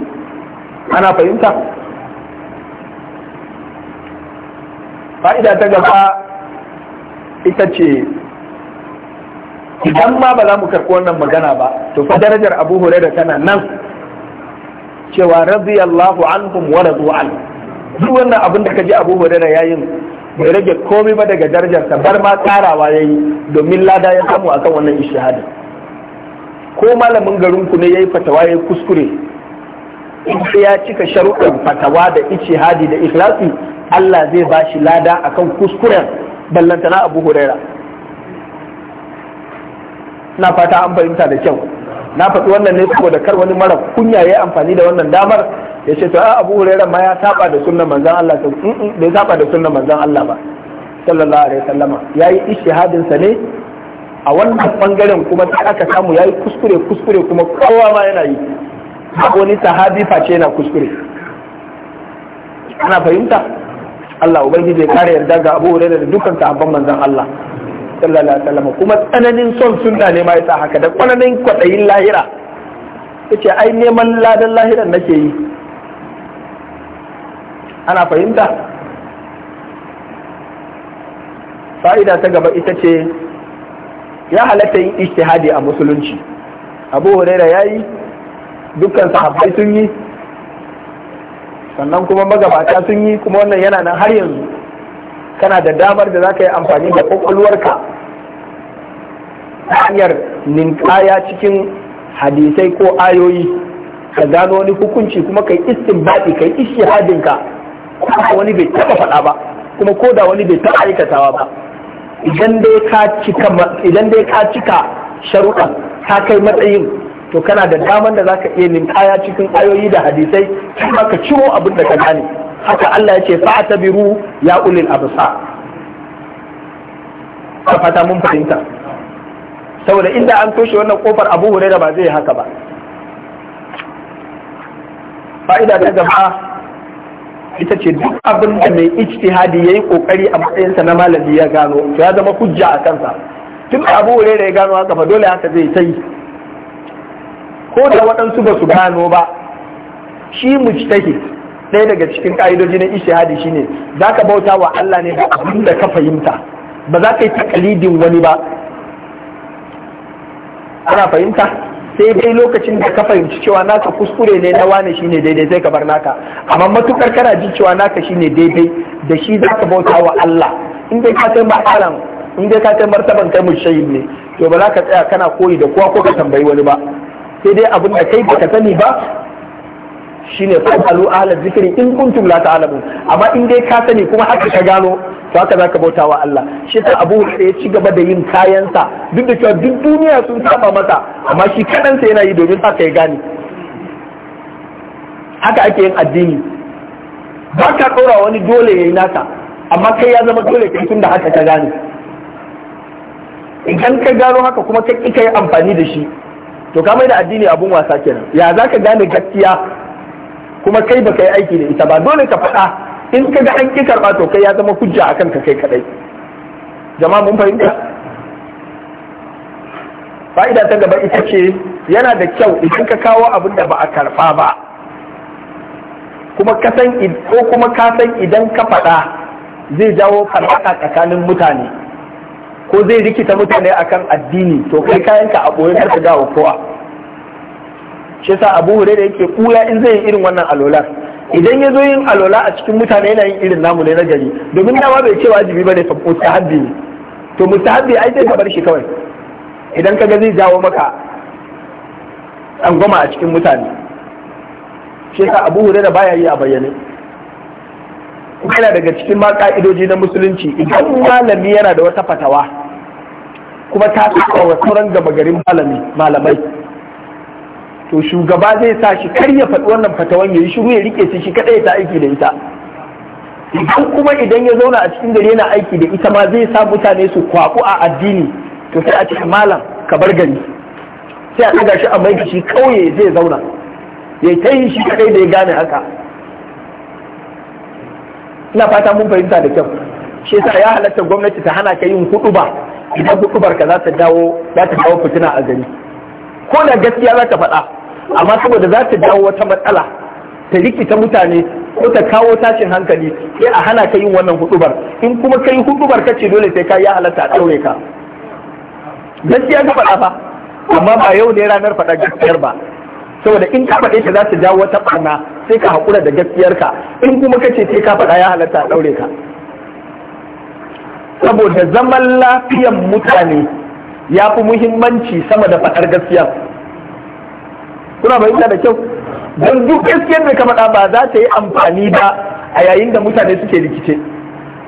ana fahimta fa'ida ta gaba ita ce idan ma ba za mu karɓi wannan magana ba to fa darajar abu hurairah tana nan cewa radiyallahu anhum wa radu anhu duk wannan abin da kaji Abu Hurairah yayin bai rage komai ba daga darajarsa bar ma karawa yi domin lada ya samu akan wannan ishihadi ko malamin garin ku ne yi fatawa ya yi kuskure in ya cika sharuɗin fatawa da ishihadi da ikhlasi Allah zai ba shi lada akan kuskuren ballantana Abu Hurairah na fata an fahimta da kyau na faɗi wannan ne saboda kar wani mara kunya ya yi amfani da wannan damar ya ce to a Abu Hurairah ma ya saba da sunnan manzan Allah to mm, mm, bai saba da sunnan manzan Allah ba sallallahu alaihi wasallama yayi ishihadin sa ne a wannan bangaren kuma sai aka samu yi kuskure kuskure kuma kowa ma yana yi wani sahabi face yana kuskure ana fahimta Allah ubangiji ya kare yarda ga Abu Hurairah da dukkan sahabban manzan Allah sallallahu alaihi wasallam kuma tsananin son sunna ne ma yasa haka da tsananin kwaɗayin lahira yace ai neman ladan lahiran nake yi ana fahimta fa'ida ta gaba ita ce ya halatta yin ijtihadi a musulunci abu huraira yayi dukkan sahabbai sun yi sannan kuma magabata sun yi kuma wannan yana nan har yanzu kana da damar da za ka yi amfani da kwakwalwarka hanyar ninkaya cikin hadisai ko ayoyi ka gano wani hukunci kuma kai istinbati kai ishi ka kuma wani bai taɓa faɗa ba kuma ko da wani bai taɓa aikatawa ba idan dai ka cika idan ta kai matsayin to kana da damar da za ka iya ninkaya cikin ayoyi da hadisai kuma ka ciro abin da ka gane haka Allah ya ce biru ya ulil absar ka fata mun fahimta saboda inda an toshe wannan kofar Abu hure da ba zai haka ba fa'ida ta gaba ita ce duk abin da mai ijtihadi yayi kokari a matsayinsa na malami ya gano to ya zama hujja a kansa tun da Abu da ya gano haka fa dole haka zai tai ko da waɗansu ba su gano ba shi mujtahid ɗaya daga cikin ƙa'idoji na ishihadi shine za ka bauta wa Allah ne da abin da ka fahimta ba za ka yi takalidin wani ba ana fahimta sai dai lokacin da ka fahimci cewa naka kuskure ne na wane shine daidai sai ka bar naka amma matukar kana ji cewa naka shine daidai da shi za ka bauta wa Allah in dai ka kai ma'alan in dai ka kai martaban kai mushayyin ne to ba za ka tsaya kana koyi da kowa ko ka tambayi wani ba sai dai abin da kai baka sani ba shine fasalu ahla zikri in kuntum la ta'lamun amma in dai ka sani kuma haka ka gano to haka zaka bauta wa Allah shi ta Abu ya ci gaba da yin kayansa duk da cewa duk duniya sun saba masa amma shi sa yana yi domin haka ya gane haka ake yin addini ba ka ɗora wani dole yayi naka amma kai ya zama dole kai tunda da haka ka gane idan ka gano haka kuma kai kai amfani da shi to ka mai da addini abun wasa kenan ya za ka gane gaskiya kuma kai baka yi aiki da ita ba dole ka faɗa in ka ga an ƙi karɓa to kai ya zama hujja a kanka kai kaɗai jama'a mun fahimta fa'ida ta gaba ita ce yana da kyau idan ka kawo abin da ba a karɓa ba kuma ka san ko kuma ka san idan ka faɗa zai jawo farfaɗa tsakanin mutane ko zai rikita mutane akan addini to kai kayanka a ɓoye ka dawo kowa shi yasa abu hure da yake kula in zai yi irin wannan alola idan ya zo yin alola a cikin mutane yana yin irin namu ne na gari domin dama bai ce wajibi bane fa mustahabbi ne to mustahabbi ai sai ka bar shi kawai idan ka ga zai jawo maka tsangwama a cikin mutane shi yasa abu hure da baya yi a bayyane yana daga cikin ma ka'idoji na musulunci idan malami yana da wata fatawa kuma ta saba wa sauran gama garin malami malamai to shugaba zai sa shi kar ya faɗi wannan fatawan ya yi shiru ya rike shi shi kaɗai ta aiki da ita idan kuma idan ya zauna a cikin gari yana aiki da ita ma zai sa mutane su kwaku a addini to sai a ce malam ka bar gari sai a ɗaga shi a mai shi kauye zai zauna ya ta yi shi kaɗai da ya gane haka ina fata mun fahimta da kyau shi yasa ya halatta gwamnati ta hana ka yin huɗuba idan huɗubar ka za ta dawo za ta dawo fitina a gari ko da gaskiya za ta faɗa amma saboda za ta dawo wata matsala ta rikita mutane ko ta kawo tashin hankali sai a hana ka yin wannan hudubar in kuma kai hudubar ka ce dole sai ka ya halatta a ɗaure ka gaskiya ka faɗa fa amma ba yau ne ranar faɗa gaskiyar ba saboda in ka faɗe ta za ta jawo wata ɓarna sai ka haƙura da gaskiyarka in kuma ka ce sai ka faɗa ya halatta a ɗaure ka saboda zaman lafiyan mutane ya fi muhimmanci sama da faɗar gaskiya kuna fahimta da kyau don duk gaskiyar da ka faɗa ba za ta yi amfani ba a yayin da mutane suke rikice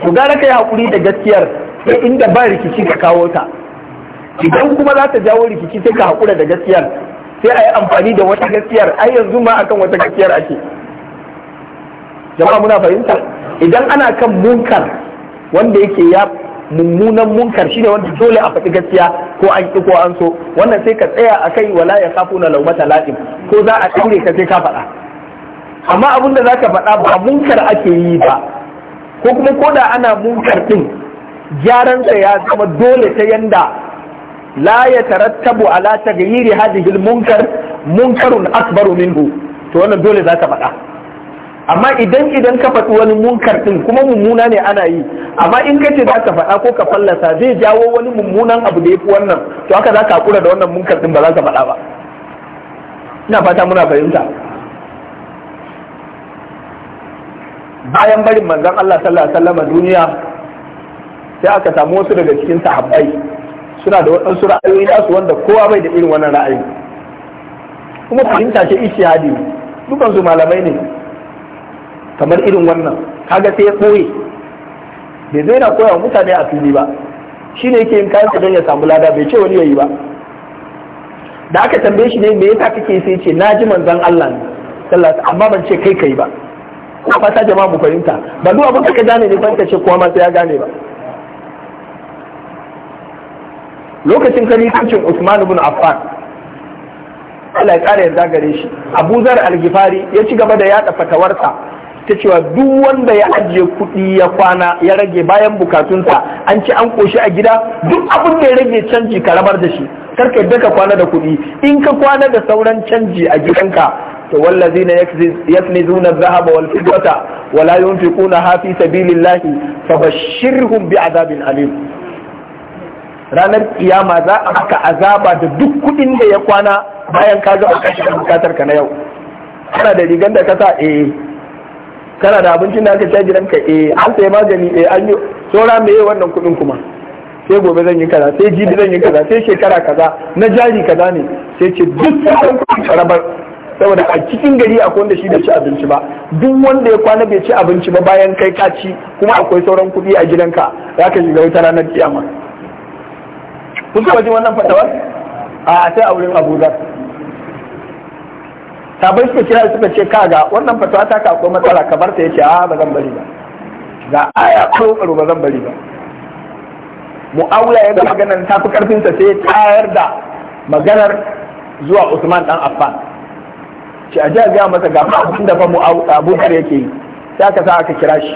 ku gara ka yi haƙuri da gaskiyar sai inda ba rikici ka kawo ta idan kuma za ta jawo rikici sai ka haƙura da gaskiyar sai a yi amfani da wata gaskiyar ai yanzu ma akan wata gaskiyar ake jama'a muna fahimta idan ana kan munkar wanda yake ya mummunan munkar shi ne wanda dole a faɗi gaskiya ko an ƙi ko an so wannan sai ka tsaya a kai wala ya kafu na laumata la'im ko za a ɗaure ka sai ka faɗa amma abin da za ka faɗa ba munkar ake yi ba ko kuma ko da ana munkar ɗin gyaran sa ya zama dole ta yanda la ya tarattabu ala taghyiri hadhihi al-munkar munkarun akbaru minhu to wannan dole za ka faɗa amma idan idan ka faɗi wani munkar ɗin kuma mummuna ne ana yi amma in ka ce za ka faɗa ko ka fallasa zai jawo wani mummunan abu da ya fi wannan to haka za ka haƙura da wannan munkar ɗin ba za ka faɗa ba ina fata muna fahimta bayan barin manzon Allah sallallahu alaihi wasallam duniya sai aka samu wasu daga cikin sahabbai suna da waɗansu ra'ayoyi nasu wanda kowa bai da irin wannan ra'ayi kuma fahimta ce ishihadi dukansu malamai ne kamar irin wannan kaga sai ya koyi bai zai na koya wa mutane a fili ba ne yake yin kayan don ya samu lada bai ce wani yayi ba da aka tambaye shi ne me yasa kake sai ce na ji manzon Allah ne sallallahu amma ban ce kai kai ba ko ba ta jama'a mu fahimta ba duk abin da ka gane ne ban ka ce kowa ma sai ya gane ba lokacin khalifancin Usman ibn Affan Allah ya kare yarda gare shi Abu Zar al-Ghifari ya ci gaba da yada fatawarsa ta cewa duk wanda ya ajiye kuɗi ya kwana ya rage bayan bukatunsa an ci an koshi a gida duk abin da ya rage canji ka rabar da shi karka yadda ka kwana da kuɗi in ka kwana da sauran canji a gidanka to na yaknizuna adh-dhahaba wal fiddata wa la yunfiqunaha fi sabilillahi fabashshirhum zabin alim ranar kiyama za a maka azaba da duk kuɗin da ya kwana bayan ka ga bukatar ka na yau kana da rigar da ka sa eh kana da abincin da aka sha gidanka eh an sai magani eh an yi saura me yi wannan kuɗin kuma sai gobe zan yi kaza sai jibi zan yi kaza sai shekara kaza na jari kaza ne sai ce duk sauran kuɗin karabar saboda a cikin gari akwai wanda shi bai ci abinci ba duk wanda ya kwana bai ci abinci ba bayan kai ka ci kuma akwai sauran kuɗi a gidanka za ka shiga wata ranar kiyama kun taɓa jin wannan fatawar a sai a wurin abuzar sabai suka kira suka ce kaga wannan fatawa ta ka matsala ka bar ta yace a ba zan bari ba ga aya ko karo ba zan bari ba mu'awla ya ga maganar ta fi karfin sa sai tayar da maganar zuwa Usman dan Affan ce a ga masa ga abin da fa Abubakar yake yi sai aka sa aka kira shi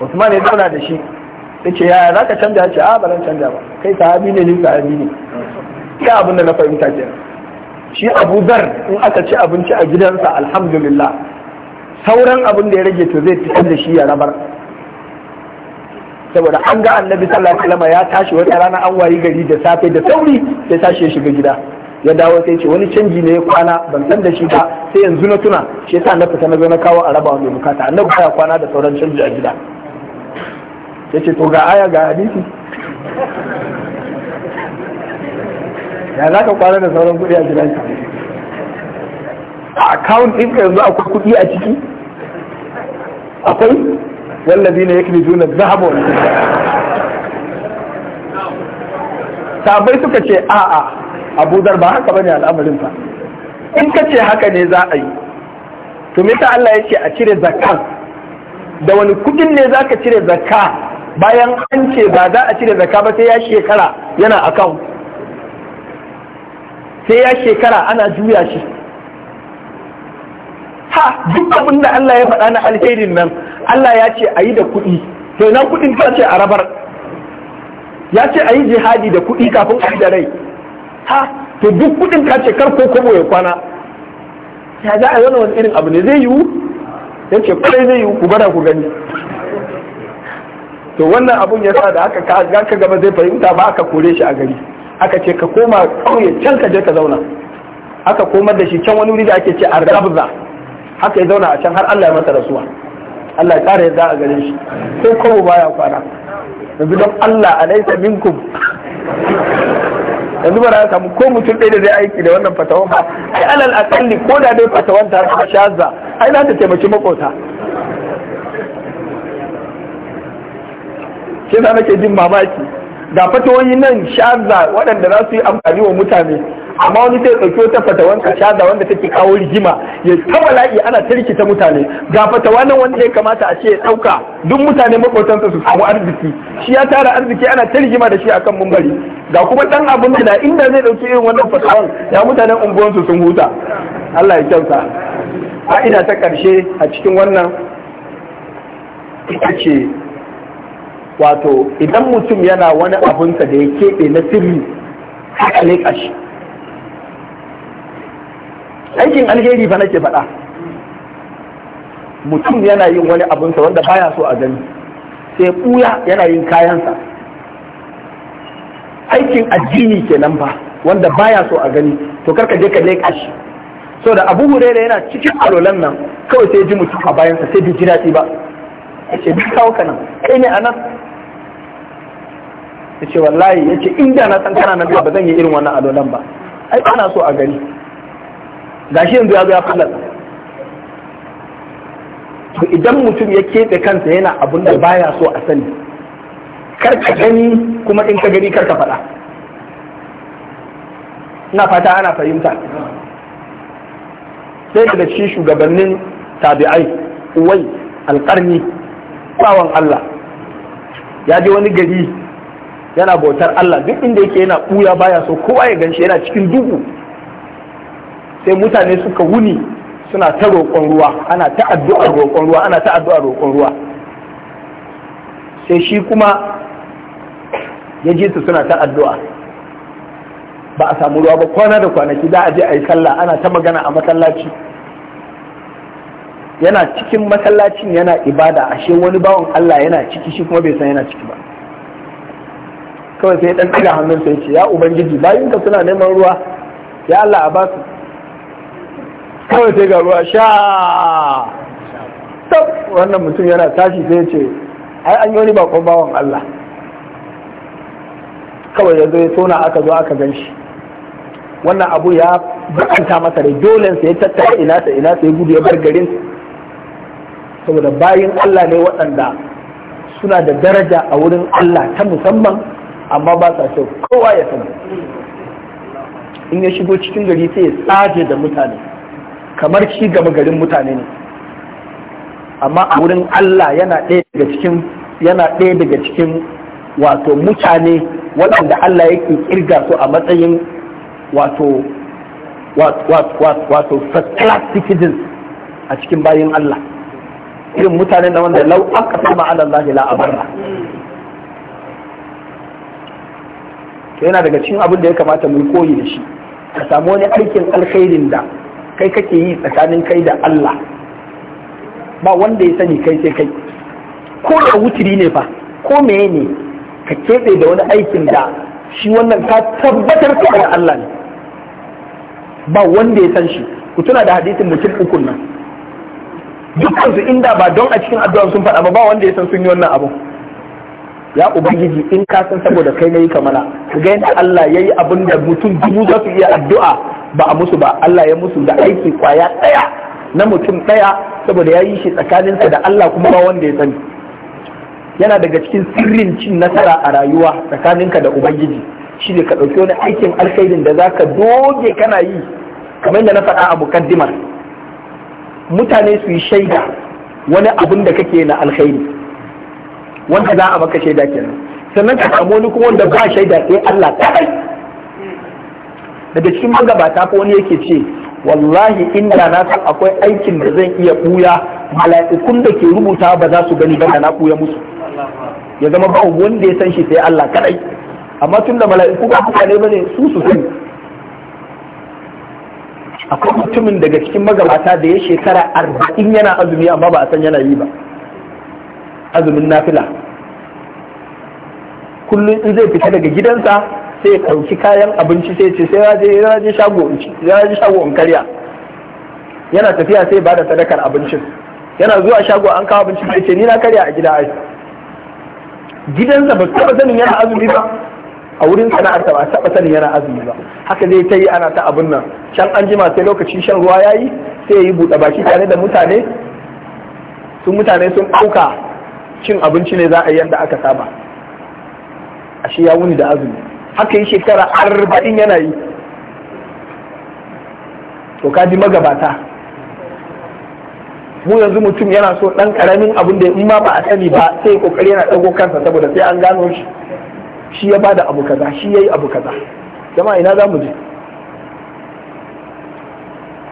Usman ya zauna da shi yace yaya ka canja shi a ba zan canja ba kai sahabi ne ni sahabi ne ga abin da na fahimta kenan shi abu dar in aka ci abinci a gidansa alhamdulillah sauran abin da ya rage to zai tafi da shi ya rabar saboda an ga annabi sallallahu alaihi wasallam ya tashi wata rana an wayi gari da safe da sauri sai tashi ya shiga gida ya dawo sai ce wani canji ne ya kwana ban san da shi ba sai yanzu na tuna shi yasa na fita na zo na kawo a raba mai bukata annabi ya kwana da sauran canji a gida yace to ga aya ga hadisi ya za ka kwana da sauran kudi a gidanka a account ka yanzu akwai kuɗi a ciki akwai wallazi ne yake juna zahabu wani sabai suka ce a'a abu ba haka bane al'amarin fa in ka ce haka ne za a yi to me ta Allah yake a cire zakka da wani kudin ne za ka cire zakka bayan an ce ba za a cire zakka ba sai ya shekara yana account sai ya shekara ana juya shi ha duk abin da Allah ya faɗa na alherin nan Allah ya ce a yi da kuɗi to ina kuɗin ta ce a rabar ya ce a yi jihadi da kuɗi kafin a da rai ha to duk kuɗin ta ce kar ko kobo ya kwana ya za a yi wani irin abu ne zai yiwu ya ce kwarai zai yiwu ku bada ku gani to wannan abun ya sa da aka gaba zai fahimta ba aka kore shi a gari aka ce ka koma ƙauye can ka je ka zauna aka komar da shi can wani wuri da ake ce arrabza haka ya zauna a can har Allah ya masa rasuwa Allah ya ƙara yadda a gare shi ko kawo baya kwana yanzu don Allah laisa minkum yanzu ba za samu ko mutum ɗaya da zai aiki da wannan fatawan ba ai alal akalli ko da dai fatawan ta ta shaza ai za ta taimaki makota shi na nake jin mamaki ga fatawoyi nan shaza waɗanda za su yi amfani wa mutane amma wani sai ɗauki wata fatawan ka shaza wanda take kawo rigima ya taba la'i ana ta rikita mutane ga fatawa nan wanda ya kamata a ce ya ɗauka duk mutane maƙotansa su samu arziki shi ya tara arziki ana ta rigima da shi akan mumbari ga kuma ɗan abin da inda zai ɗauki irin wannan fatawan ya mutanen unguwansu sun huta Allah ya kyauta fa'ida ta ƙarshe a cikin wannan ita ce wato idan mutum yana wani abinsa da ya keɓe na sirri haka leƙa shi aikin alheri fa nake faɗa mutum yana yin wani abinsa wanda baya so a gani sai ɓuya yana yin kayansa aikin addini kenan ba wanda baya so a gani to karka je ka leƙa shi so da abu hurera yana cikin alolan nan kawai sai ji mutum a bayansa sai bi ji daɗi ba ya ce bi kawo kanan kai ne a nan ta ce wallahi ya ce inda na san kana na biya ba zan yi irin wannan alolan ba ai ana so a gani gashi yanzu ya zo ya fallar to idan mutum ya keɓe kansa yana abun da baya so a sani kar ka gani kuma in ka gani kar ka faɗa ina fata ana fahimta sai da cikin shugabannin tabi'ai uwai alƙarni bawan Allah ya je wani gari yana bautar Allah duk inda yake yana ɓuya baya so kowa ya ganshi yana cikin duhu sai mutane suka wuni suna ta roƙon ruwa ana ta addu'ar roƙon ruwa ana ta addu'ar roƙon ruwa sai shi kuma ya ji su suna ta addu'a ba a samu ruwa ba kwana da kwanaki za a je a yi sallah ana ta magana a masallaci yana cikin masallacin yana ibada ashe wani bawan Allah yana ciki shi kuma bai san yana ciki ba kawai sai dan daga hannun ya ce ya ubangiji ka suna neman ruwa ya Allah a basu kawai sai ga ruwa sha tab wannan mutum yana tashi sai ya ce ai an yi wani bakon bawan Allah kawai ya zo tona aka zo aka gan shi wannan abu ya bakanta masa da dole sai ya tattara ina ta ina sai gudu ya bar garin saboda bayan Allah ne waɗanda suna da daraja a wurin Allah ta musamman amma ba sa kyau kowa ya sani in ya shigo cikin gari sai ya tsaje da mutane kamar shi gaba garin mutane ne amma a wurin Allah yana ɗaya daga cikin yana ɗaya daga cikin wato mutane waɗanda Allah yake kirga su a matsayin wato wato first a cikin bayan Allah irin mutane da wanda lau aka sama ala Allah la to yana daga cikin abin da ya kamata mu koyi da shi ka samu wani aikin alkhairin da kai kake yi tsakanin kai da Allah ba wanda ya sani kai sai kai ko da wutiri ne fa ko meye ne ka keɓe da wani aikin da shi wannan ka tabbatar ka da Allah ne ba wanda ya san shi ku tuna da hadisin mutum uku nan dukkan su inda ba don a cikin addu'a sun faɗa ba ba wanda ya san sun yi wannan abu ya ubangiji in ka san saboda kai nayi kamana ka ga yadda Allah yayi abin da mutum dubu za su iya addu'a ba a musu ba Allah ya musu da aiki kwaya daya na mutum daya saboda yayi shi tsakaninsa da Allah kuma ba wanda ya sani yana daga cikin sirrin cin nasara a rayuwa tsakaninka da ubangiji shi ne ka ɗauki wani aikin alkhairin da za ka doge kana yi kamar da na faɗa a mukaddimar mutane su yi shaida wani abin da kake na alkhairi wanda za a maka shaida kenan sannan ka samu wani kuma wanda ba shaida sai Allah kai daga cikin magabata ko wani yake ce wallahi inda na san akwai aikin da zan iya buya mala'ikun da ke rubuta ba za su gani ba na buya musu ya zama ba wanda ya san shi sai Allah kadai amma tun da mala'iku ba ne bane su su sani akwai mutumin daga cikin magabata da ya shekara arba'in yana azumi amma ba a san yana yi ba azumin nafila kullum in zai fita daga gidansa sai ya ɗauki kayan abinci sai ce sai ya je shago in karya yana tafiya sai ba da sadakar abincin yana zuwa shago an kawo abinci sai ce ni na karya a gida ai gidansa ba taba sanin yana azumi ba a wurin sana'arta ba taba sanin yana azumi ba haka zai ta yi ana ta abin nan can an jima sai lokacin shan ruwa yayi sai ya yi buɗe baki tare da mutane sun mutane sun ɗauka cin abinci ne za a yi yadda aka saba ashe ya wuni da azumi haka yi shekara arba'in yana yi to ka ji magabata mu yanzu mutum yana so ɗan ƙaramin abin da in ma ba a sani ba sai kokari yana ɗago kansa saboda sai an gano shi shi ya bada abu kaza shi yayi abu kaza jama'a ina za mu je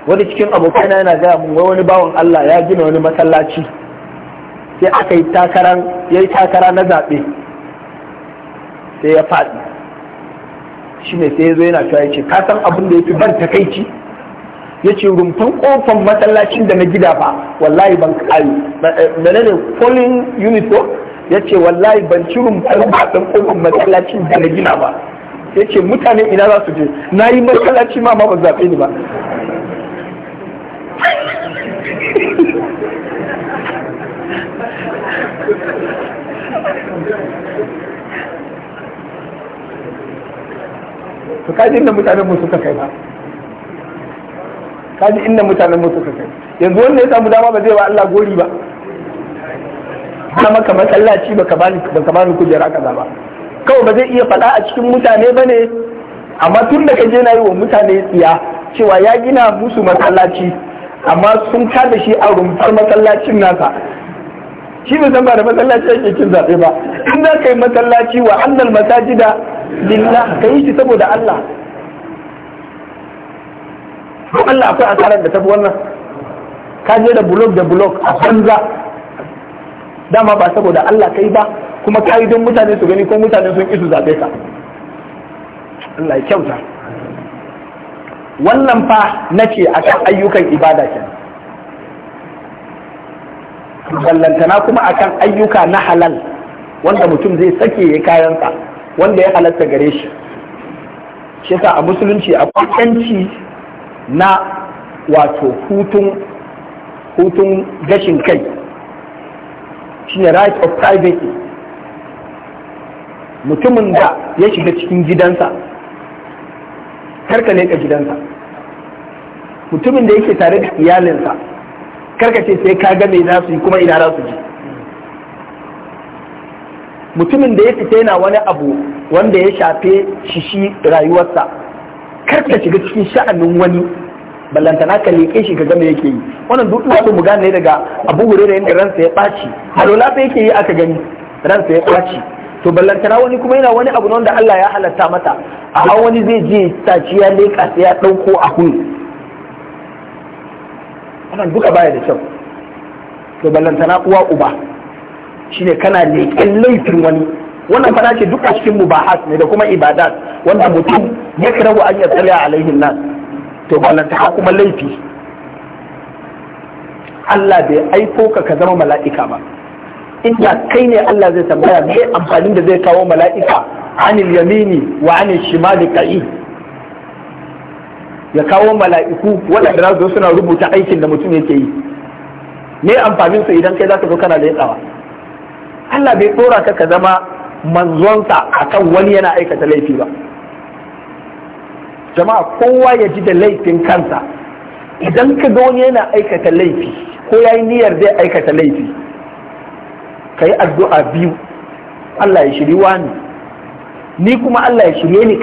wani cikin abokaina yana gaya mun wani bawan Allah ya gina wani masallaci sai aka yi takaran ya yi takara na zaɓe sai ya faɗi shi ne sai ya zo yana cewa ya ce kasan abin da ya fi ban takaici ya ce rumfan ƙofan masallacin da na gida ba wallahi ban kayu ne polling unit ko ya ce wallahi ban ci rumfin baɗin ƙofan masallacin da na gina ba ya ce mutane ina za su je na yi masallaci ma ma ba zaɓe ni ba to kaji inda mutanen mu suka kai ba kaji inda mutanen mu suka kai yanzu wanda ya samu dama ba zai wa Allah gori ba na maka masallaci ba ka baka bani kujera kaza ba kawai ba zai iya faɗa a cikin mutane ba ne amma tun da kaje na yi wa mutane tsiya cewa ya gina musu masallaci amma sun kada shi a rumfar masallacin nasa shi ne san da masallaci yake cin zaɓe ba in za ka yi masallaci wa annal masajida lillah ka yi shi saboda Allah ko Allah akwai asarar da tafi wannan ka je da blog da blog a banza dama ba saboda Allah kai ba kuma ka yi don mutane su gani ko mutane sun isu zaɓe ka Allah ya kyauta wannan fa nake akan ayyukan ibada kenan ballantana kuma a kan ayyuka na halal wanda mutum zai sake ya kayansa wanda ya halatta gare shi shi yasa a musulunci akwai yanci na wato hutun hutun gashin kai shine right of privacy mutumin da ya shiga cikin gidansa karka leƙa gidansa mutumin da yake tare da iyalinsa karka ce sai ka ga me za su yi kuma ina za su ji mutumin da ya fita yana wani abu wanda ya shafe shishi rayuwarsa karka shiga cikin sha'anin wani ballantana ka leƙe shi ka game yake yi wannan duk wanda mu gane daga abu da yadda ransa ya ɓaci halola fa yake yi aka gani ransa ya ɓaci to ballantana wani kuma yana wani abu wanda Allah ya halatta mata a wani zai je ya leƙa sai ya ɗauko a hulu wannan duka baya da kyau to ballantana uwa uba shine kana leƙen laifin wani wannan fara ce duka cikin mubahat ne da kuma ibadat wanda mutum ya kirawo an yatsala alaihin nan to ballantana kuma laifi Allah bai aiko ka ka zama mala'ika ba inda kai ne Allah zai tambaya me amfanin da zai kawo mala'ika anil yamini wa anil shimali ka'i ya kawo mala'iku waɗanda za su suna rubuta aikin da mutum yake yi me amfanin su idan kai za ka zo kana da yatsawa Allah bai tsora ka ka zama manzonsa a kan wani yana aikata laifi ba jama'a kowa ya ji da laifin kansa idan ka ga wani yana aikata laifi ko ya yi niyyar zai aikata laifi ka yi addu'a biyu Allah ya shiri wani ni kuma Allah ya shirye ni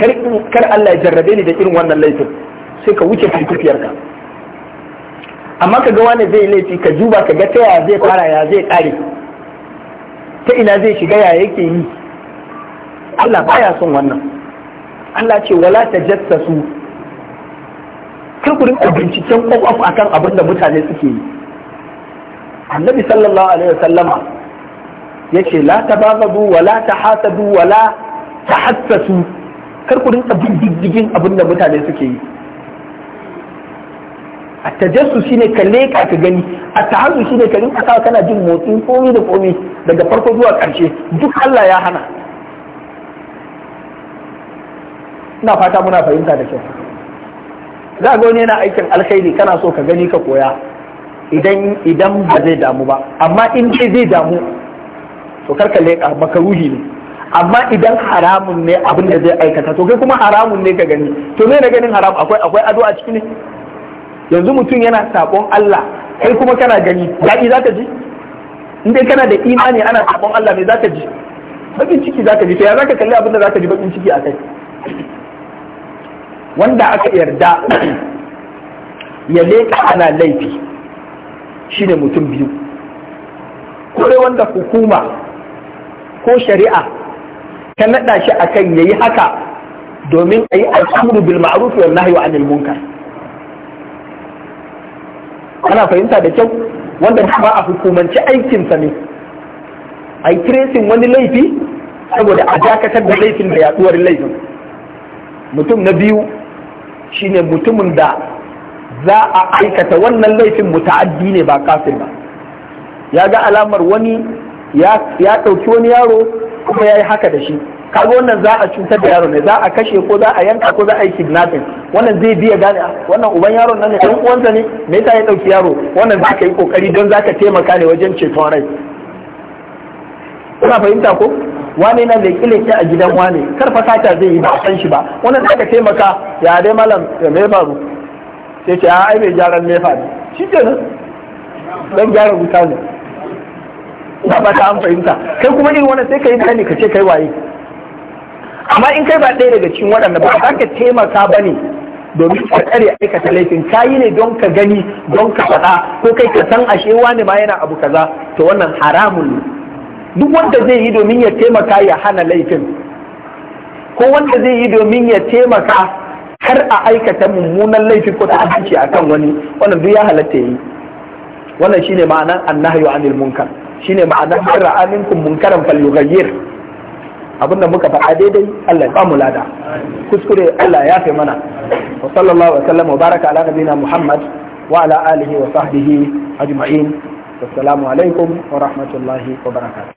kar Allah ya jarrabe ni da irin wannan laifin sai ka wuce kai tafiyarka amma ka ga wani zai laifi ka duba ka ga ta yaya zai fara ya zai kare ta ina zai shiga ya yake yi Allah baya son wannan Allah ce wala ta tajassasu kar ku a binciken kwakwaf akan abin da mutane suke yi annabi sallallahu alaihi wasallama yace la babu wala tahasadu wala tahassasu kar ku rinka bin diddigin abin da mutane suke yi a tajassu shine ka leka ka gani a ta'azu shine ka rinka sa kana jin motsin komi da komi daga farko zuwa ƙarshe duk Allah ya hana ina fata muna fahimta da kyau za ga wani yana aikin alkhairi kana so ka gani ka koya idan idan ba zai damu ba amma in dai zai damu to kar ka leka makaruhi ne amma idan haramun ne abin da zai aikata to kai kuma haramun ne ka gani to me na ganin haram akwai akwai ado a ciki ne yanzu mutum yana sabon Allah kai kuma kana gani daɗi za ka ji in dai kana da imani ana sabon Allah me za ka ji bakin ciki za ka ji ya za ka kalli abinda za ka ji bakin ciki a kai wanda aka yarda ya leƙa ana laifi shine mutum biyu ko dai wanda hukuma ko shari'a ta naɗa shi akan yi haka domin a yi al'amuru bil ma'ruf wal nahyi anil munkar ana fahimta da kyau wanda ba a hukumance aikinsa ne a yi tracing wani laifi saboda a dakatar da laifin da yaduwar laifin mutum na biyu shine mutumin da za a aikata wannan laifin muta'addi ne ba kafin ba ya ga alamar wani ya ɗauki wani yaro kuma ya yi haka da shi kaga wannan za a cutar da yaro ne za a kashe ko za a yanka ko za a yi kidnapping wannan zai biya gane ah, wannan uban yaron nan ne ɗan uwansa ne me yasa ya ɗauki yaro wannan za ka yi kokari don za ka taimaka ne wajen ceton rai kuna fahimta ko wane na da kile a gidan wane kar fa sata zai yi ba san shi ba wannan za ka taimaka ya dai malam ya me faru sai ce a ah, ai mai gyaran me faru shi kenan dan gyara wuta ne ba ta an fahimta kai kuma irin wannan sai ka yi bayani ka ce kai waye amma in kai ba ɗaya daga cikin waɗanda ba za ka taimaka ba ne domin ka tsare aikata laifin ka yi ne don ka gani don ka faɗa ko kai ka san ashe wani ma yana abu kaza to wannan haramun ne duk wanda zai yi domin ya taimaka ya hana laifin ko wanda zai yi domin ya taimaka kar a aikata mummunan laifin ko a akan wani wannan duk ya halatta yi wannan shine ma'anar annahayu anil munkar shine ma'anar ra'aminkum munkaran falyughayyir da muka faɗa daidai Allah ya ba mu lada kuskure Allah ya fi mana wa sallallahu wa sallam wa baraka ala nabina Muhammad wa ala alihi wa sahbihi ajma'in assalamu alaikum wa rahmatullahi wa barakatuh